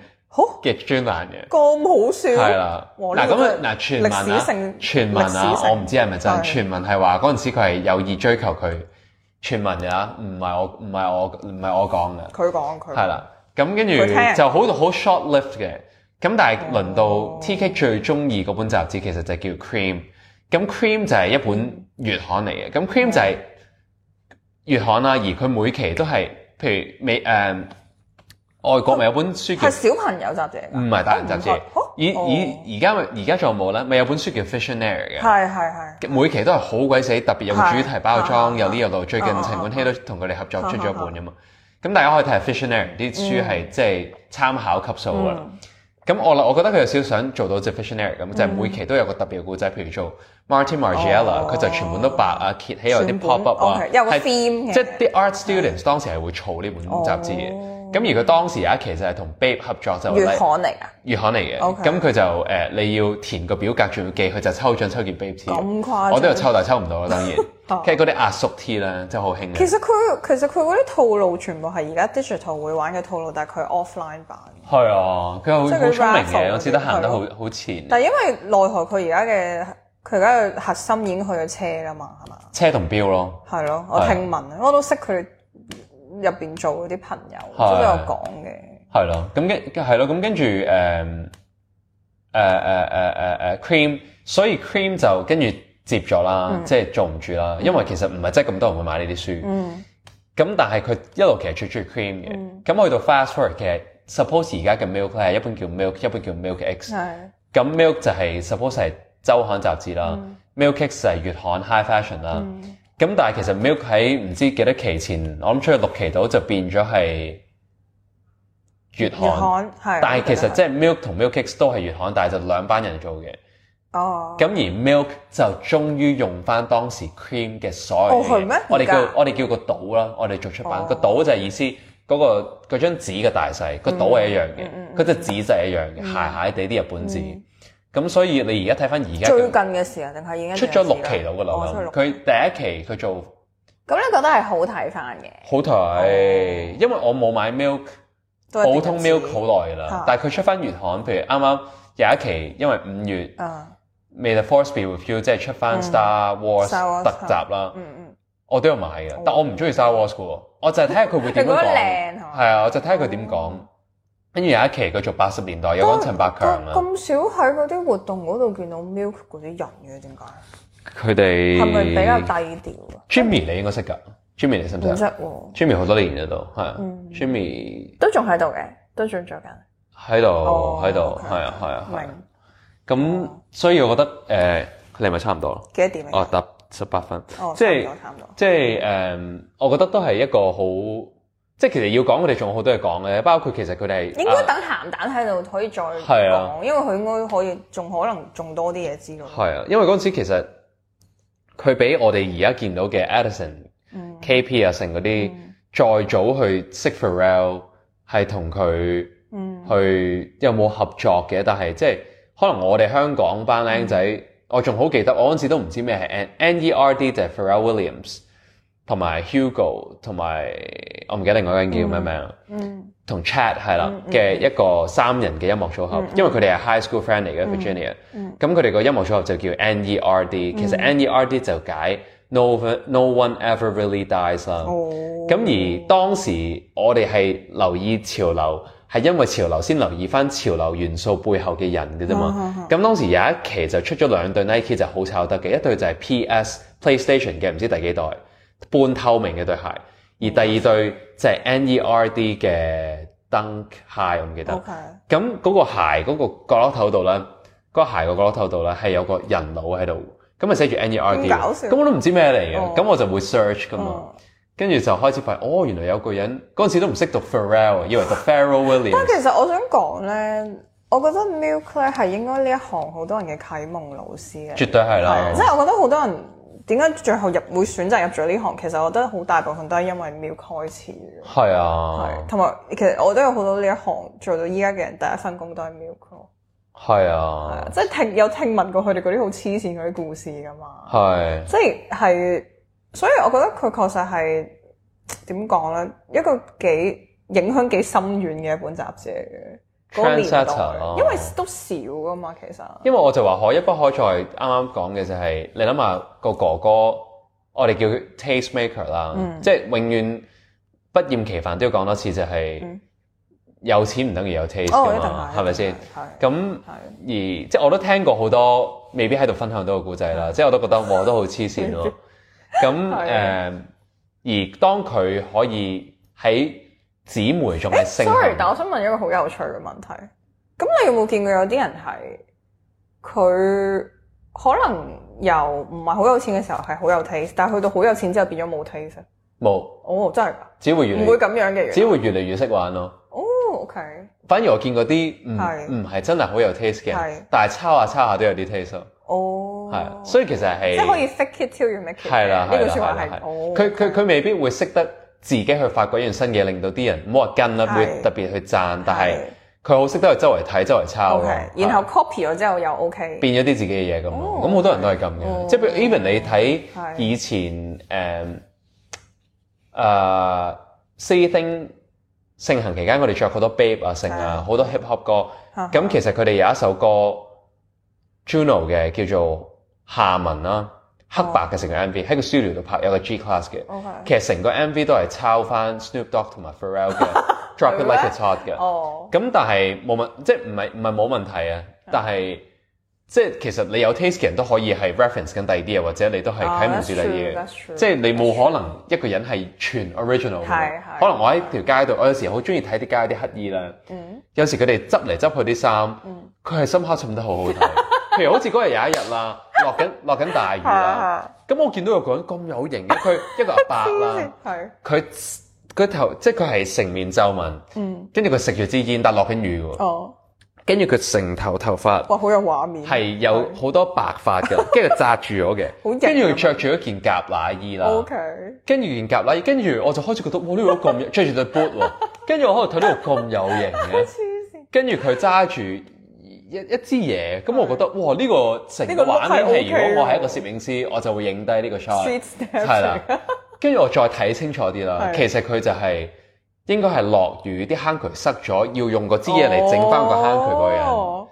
Speaker 2: 嘅專欄嘅。
Speaker 1: 咁、哦、好笑係啦！嗱咁啊，嗱、這個、傳聞啊，傳聞啊，我
Speaker 2: 唔知係咪真，傳聞係話嗰陣時佢係有意追求佢傳聞嘅、啊，唔係我唔係我唔係我，我講嘅。
Speaker 1: 佢講佢係啦。
Speaker 2: 咁跟住就好好 short-lived 嘅。咁但係輪到 T.K 最中意嗰本雜誌，其實就叫 Cream。咁 Cream 就係一本月刊嚟嘅。咁 Cream 就係月刊啦，而佢每期都係，譬如美誒、啊、外國咪有本書叫小
Speaker 1: 朋友雜誌，唔係大人雜誌。哦、
Speaker 2: 以以而家而家仲有冇呢？咪有本書叫 Visionaire
Speaker 1: 嘅。係係
Speaker 2: 係。每期都係好鬼死特別，用主題包裝，是是是是有呢有度。最近陳冠希都同佢哋合作出咗一本嘅嘛。咁大家可以睇下 Visionaire 啲書係即係參考級數咁我我覺得佢有少少想做到 visionary 咁、嗯，就係、是、每期都有個特別嘅故仔，譬如做 Martin Margiela，佢、哦、就全部都白揭 up，啊，揭起有啲 pop up 啊，係即係啲 art students 當時係會儲呢本雜誌嘅。哦。咁而佢當時而家其實係同 Bape 合作就月刊嚟啊，月刊嚟嘅。咁佢、okay. 就誒、呃、你要填個表格仲要寄，佢就抽獎抽件 Bape T。咁誇張？我都有抽大，大抽唔到啦，當然。 其實嗰啲壓縮 T 呢，真係好興嘅。其實
Speaker 1: 佢其實佢嗰啲套路全部係而家 digital 會玩嘅套路，但係佢 offline 版。
Speaker 2: 係啊，佢好聰明嘅，知得行得好好前。
Speaker 1: 但因為奈何佢而家嘅佢而家核心已經去咗車啦嘛，係
Speaker 2: 嘛？車同錶咯。係咯，
Speaker 1: 我聽聞我都識佢。入面做嗰啲朋友都有講
Speaker 2: 嘅，係咯，咁跟係咯，咁跟住誒誒誒誒 cream，所以 cream 就跟、就是、住接咗啦，即係做唔住啦，因為其實唔係真係咁多人會買呢啲書。嗯，咁但係佢一路其實最鍾意 cream 嘅，咁、嗯、去到 fast forward 其實 suppose 而家嘅 milk 咧係一般叫 milk，一般叫 milk x。係，咁 milk 就係、是、suppose 係周刊雜誌啦、嗯，milk x 係月刊 high fashion 啦、嗯。咁、嗯、但係其實 milk 喺唔知幾多期前，我諗出去六期度就變咗係月刊，
Speaker 1: 但係其實即係
Speaker 2: milk 同 milk、X、都係月刊，但係就兩班人做嘅。哦。咁而 milk 就終於用翻當時 cream 嘅所有、哦、我哋叫我哋叫個度啦，我哋做出版個、哦、度就係意思嗰、那個嗰張紙嘅大細，個度係一樣嘅，嗰隻紙就係一樣嘅，鞋矮地啲日本紙。嗯咁所以你而家睇翻而家最近嘅時候，
Speaker 1: 定係已經出咗六期
Speaker 2: 度嘅喇。佢、哦、第一期佢做，
Speaker 1: 咁你覺得係好睇翻
Speaker 2: 嘅？好睇、哦，因為我冇買 Milk，普通 Milk 好耐啦。但係佢出翻月刊，譬如啱啱有一期，因為五月 May the Force be with you 即係出翻 Star Wars、嗯、特集啦。嗯嗯，嗯，我都有買嘅、哦，但我唔中意 Star Wars 嘅喎，我就睇下佢會點講。 係啊，啊，我就睇下佢點講。嗯跟住有一期佢做八十年代，有講陳百強，啊。咁
Speaker 1: 少喺嗰啲活動嗰度見到 Milk 嗰啲人嘅，點解？
Speaker 2: 佢哋係咪比較低調？Jimmy 你應該識㗎、嗯、，Jimmy 你識唔識？唔識喎。Jimmy 好多年嘅都係、嗯、，Jimmy
Speaker 1: 都仲喺度嘅，都仲咗緊。
Speaker 2: 喺度，喺度，係啊，係啊。明。咁所以我覺得誒，你咪差唔多？幾多點？哦，得十八分，即、oh, 係差唔多，即係誒，um, 我覺得都係一個好。即係其實要講，佢哋仲有好多嘢講嘅，包括其實佢哋應該等
Speaker 1: 咸蛋喺度可以再講，因為佢應該可以仲可能仲多啲嘢知道。
Speaker 2: 係啊，因為嗰時、啊、其實佢俾我哋而家見到嘅 Edison、嗯、K P e、啊、Edison 嗰啲再早去識 Pharrell 係同佢去、嗯、有冇合作嘅？但係即係可能我哋香港班僆仔、嗯，我仲好記得我嗰時都唔知咩係 N N E R D 就係 Pharrell Williams。同埋 Hugo，同埋我唔記得另外一個人叫咩名，同 Chad 係啦嘅一個三人嘅音樂組合，因為佢哋係 high school friend 嚟嘅，Virginia，咁佢哋個音樂組合就叫 NERD，其實 NERD 就解 No, no one ever really dies 啦，咁而當時我哋係留意潮流，係因為潮流先留意翻潮流元素背後嘅人嘅啫嘛，咁當時有一期就出咗兩對 Nike 就好炒得嘅，一對就係 PS PlayStation 嘅唔知第幾代。半透明嘅對鞋，而第二對就係 NERD 嘅 Dunk 鞋，我唔記得。OK。咁嗰個鞋嗰、嗰個角落頭度咧，嗰、嗰個鞋個角落頭度咧係有個人腦喺度，咁啊寫住 NERD。咁搞笑！咁我都唔知咩嚟嘅，咁、哦、我就會 search 㗎、嗯、嘛，跟住就開始發現，哦，原來有個人嗰陣時都唔識讀 Pharrell，以為讀 Farewell Williams。 但其
Speaker 1: 實我想講咧，我覺得 Milk 咧係應該呢一行好多人嘅啟蒙老師嘅。絕對
Speaker 2: 係啦，即係我
Speaker 1: 覺得好多人。點解最後入會選擇入咗呢行？其實我覺得好大部分都係因為 Milk 開始
Speaker 2: 嘅。係啊。係。同
Speaker 1: 埋其實我都有好多呢一行做到依家嘅人第一份工都係 Milk。係啊。
Speaker 2: 係啊。即
Speaker 1: 係聽有聽聞過佢哋嗰啲好黐線嗰啲故事㗎嘛。
Speaker 2: 係。即係
Speaker 1: 係，所以我覺得佢確實係點講咧，一個幾影響幾深遠嘅一本雜誌嚟嘅。a n s t 因為都少噶嘛，其實。
Speaker 2: 因為我就話可一不可再、就是，啱啱講嘅就係你諗下個哥哥，我哋叫佢 taste maker 啦，嗯、即係永遠不厭其煩都要講多次、就是，就、嗯、係有錢唔等於有 taste 噶、哦、嘛，係咪先？咁而即係我都聽過好多，未必喺度分享到個故仔啦。即係我都覺得我都好黐線咯。咁 誒、呃，而當佢可以喺紫妹仲係升。欸、sorry
Speaker 1: 但我想問一個好有趣嘅問題。咁你有冇見過有啲人係佢可能由唔係好有錢嘅時候係好有 taste，但係去到好有錢之後變咗冇 taste
Speaker 2: 冇，哦，真係噶，只會越唔會咁樣嘅人，只會越嚟越識玩咯。
Speaker 1: 哦，OK。
Speaker 2: 反而我見過啲唔唔係真係好有 taste 嘅但係抄下抄下都有啲 taste 哦，係，所以其實係即係可以
Speaker 1: 識 fake it till you make it。係啦，係啦，係啦。
Speaker 2: 佢佢佢未必會識得。自己去發掘一樣新嘢，令到啲人冇話跟啦，會特別去讚。但係佢好識得去周圍睇、周圍抄。Okay, 然後
Speaker 1: copy 咗之後又 OK，
Speaker 2: 變咗啲自己嘅嘢咁。咁、哦、好多人都係咁嘅，即係譬如 even 你睇以前誒誒 Silly Thing 盛行期間，我哋著好多 Bape 啊、成啊，好多 Hip Hop 歌。咁、uh -huh, 其實佢哋有一首歌 Juno 嘅叫做夏、啊《下文》啦。黑白嘅成個 M V 喺、oh. 個 studio 度拍，有個 G class 嘅，okay. 其實成個 M V 都係抄翻 Snoop Dogg 同埋 Pharrell 嘅 Drop It Like It's Hot 嘅。咁、 oh. 但係冇問即係唔係唔係冇問題啊？Oh. 但係即係其實你有 taste 嘅人都可以係 reference 緊第二啲嘢，或者你都係睇唔少第二啲嘢嘅。Oh, that's true, that's true, that's true. 即係你冇可能一個人係全 original 嘅。可能我喺條街度，我有時好中意睇啲街啲乞兒啦。Mm. 有時佢哋執嚟執去啲衫，佢係深刻襯得好好睇。 譬如好似嗰日有一日啦，落緊落緊大雨啦，咁 我見到有個人咁有型嘅，佢一個阿伯啦，佢 佢頭即係佢係成面皺紋，嗯，跟住佢食住支煙，但落緊雨喎，哦，跟住佢成頭頭髮，哇，好有畫面，係有好多白髮嘅，跟住紮住咗嘅，跟住佢着住一件夾乸衣啦，OK，跟住件夾乸衣，跟 住、啊、 我就開始覺得哇呢個咁樣着住對 boot 喎，跟住我可能睇到佢咁有型嘅，跟住佢揸住。一一支嘢，咁、嗯、我覺得，哇！呢、這個成個玩嘅、這個 OK、如果我係一個攝影師，我就會影低呢個 shot，係啦。跟、啊、住 我再睇清楚啲啦，其實佢就係、是、應該係落雨，啲坑渠塞咗，要用個支嘢嚟整翻個坑渠嗰樣。係、哦、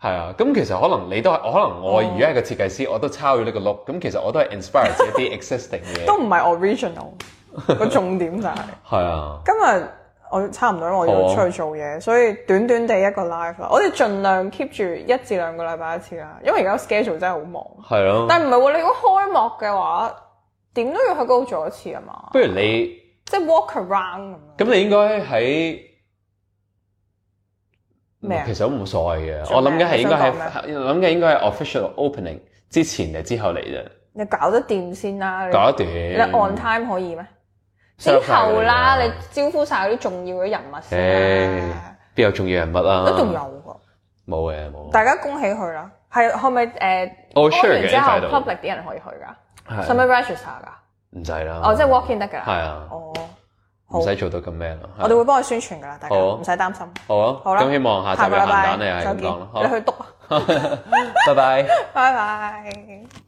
Speaker 2: 啊，咁、嗯、其實可能你都係，可能我而家係個設計師、哦，我都抄咗呢個 look。咁、嗯、其實我都係 inspire 咗啲 existing 嘢， 都唔
Speaker 1: 係 original 個重點就係、
Speaker 2: 是。啊。
Speaker 1: 今日。我差唔多，我要出去做嘢、哦，所以短短地一個 live，我哋盡量 keep 住一至兩個禮拜一次啦。因為而家 schedule 真係好忙。係咯、啊。但唔係喎，你如果開幕嘅話，點都要去度做一次啊嘛。不如你即係 walk around 咁樣。
Speaker 2: 咁你應該喺咩啊？其實都冇所謂嘅，我諗緊係應該喺諗緊應該係 official opening 之前定之後嚟嘅。
Speaker 1: 你搞得掂先啦、啊，搞得掂，你 on time 可以咩？之後啦，你，你招呼晒嗰啲重要嘅人物
Speaker 2: 先啦。邊、欸、有重要人物啊？都仲有噶。冇嘅冇。大家
Speaker 1: 恭喜佢啦。係可唔可以誒？開、呃 oh, 完之後 public 啲人可以去噶，使唔使 register 噶？
Speaker 2: 唔使啦。哦，即係 walk in 得㗎。係啊。哦。
Speaker 1: 唔
Speaker 2: 使做到咁咩啦。我哋會
Speaker 1: 幫佢宣傳㗎啦，大家唔使、啊、擔心。
Speaker 2: 好啊。好啦、啊。咁希望下集有蛋蛋你又係咁講啦。你去篤拜拜。
Speaker 1: 拜拜。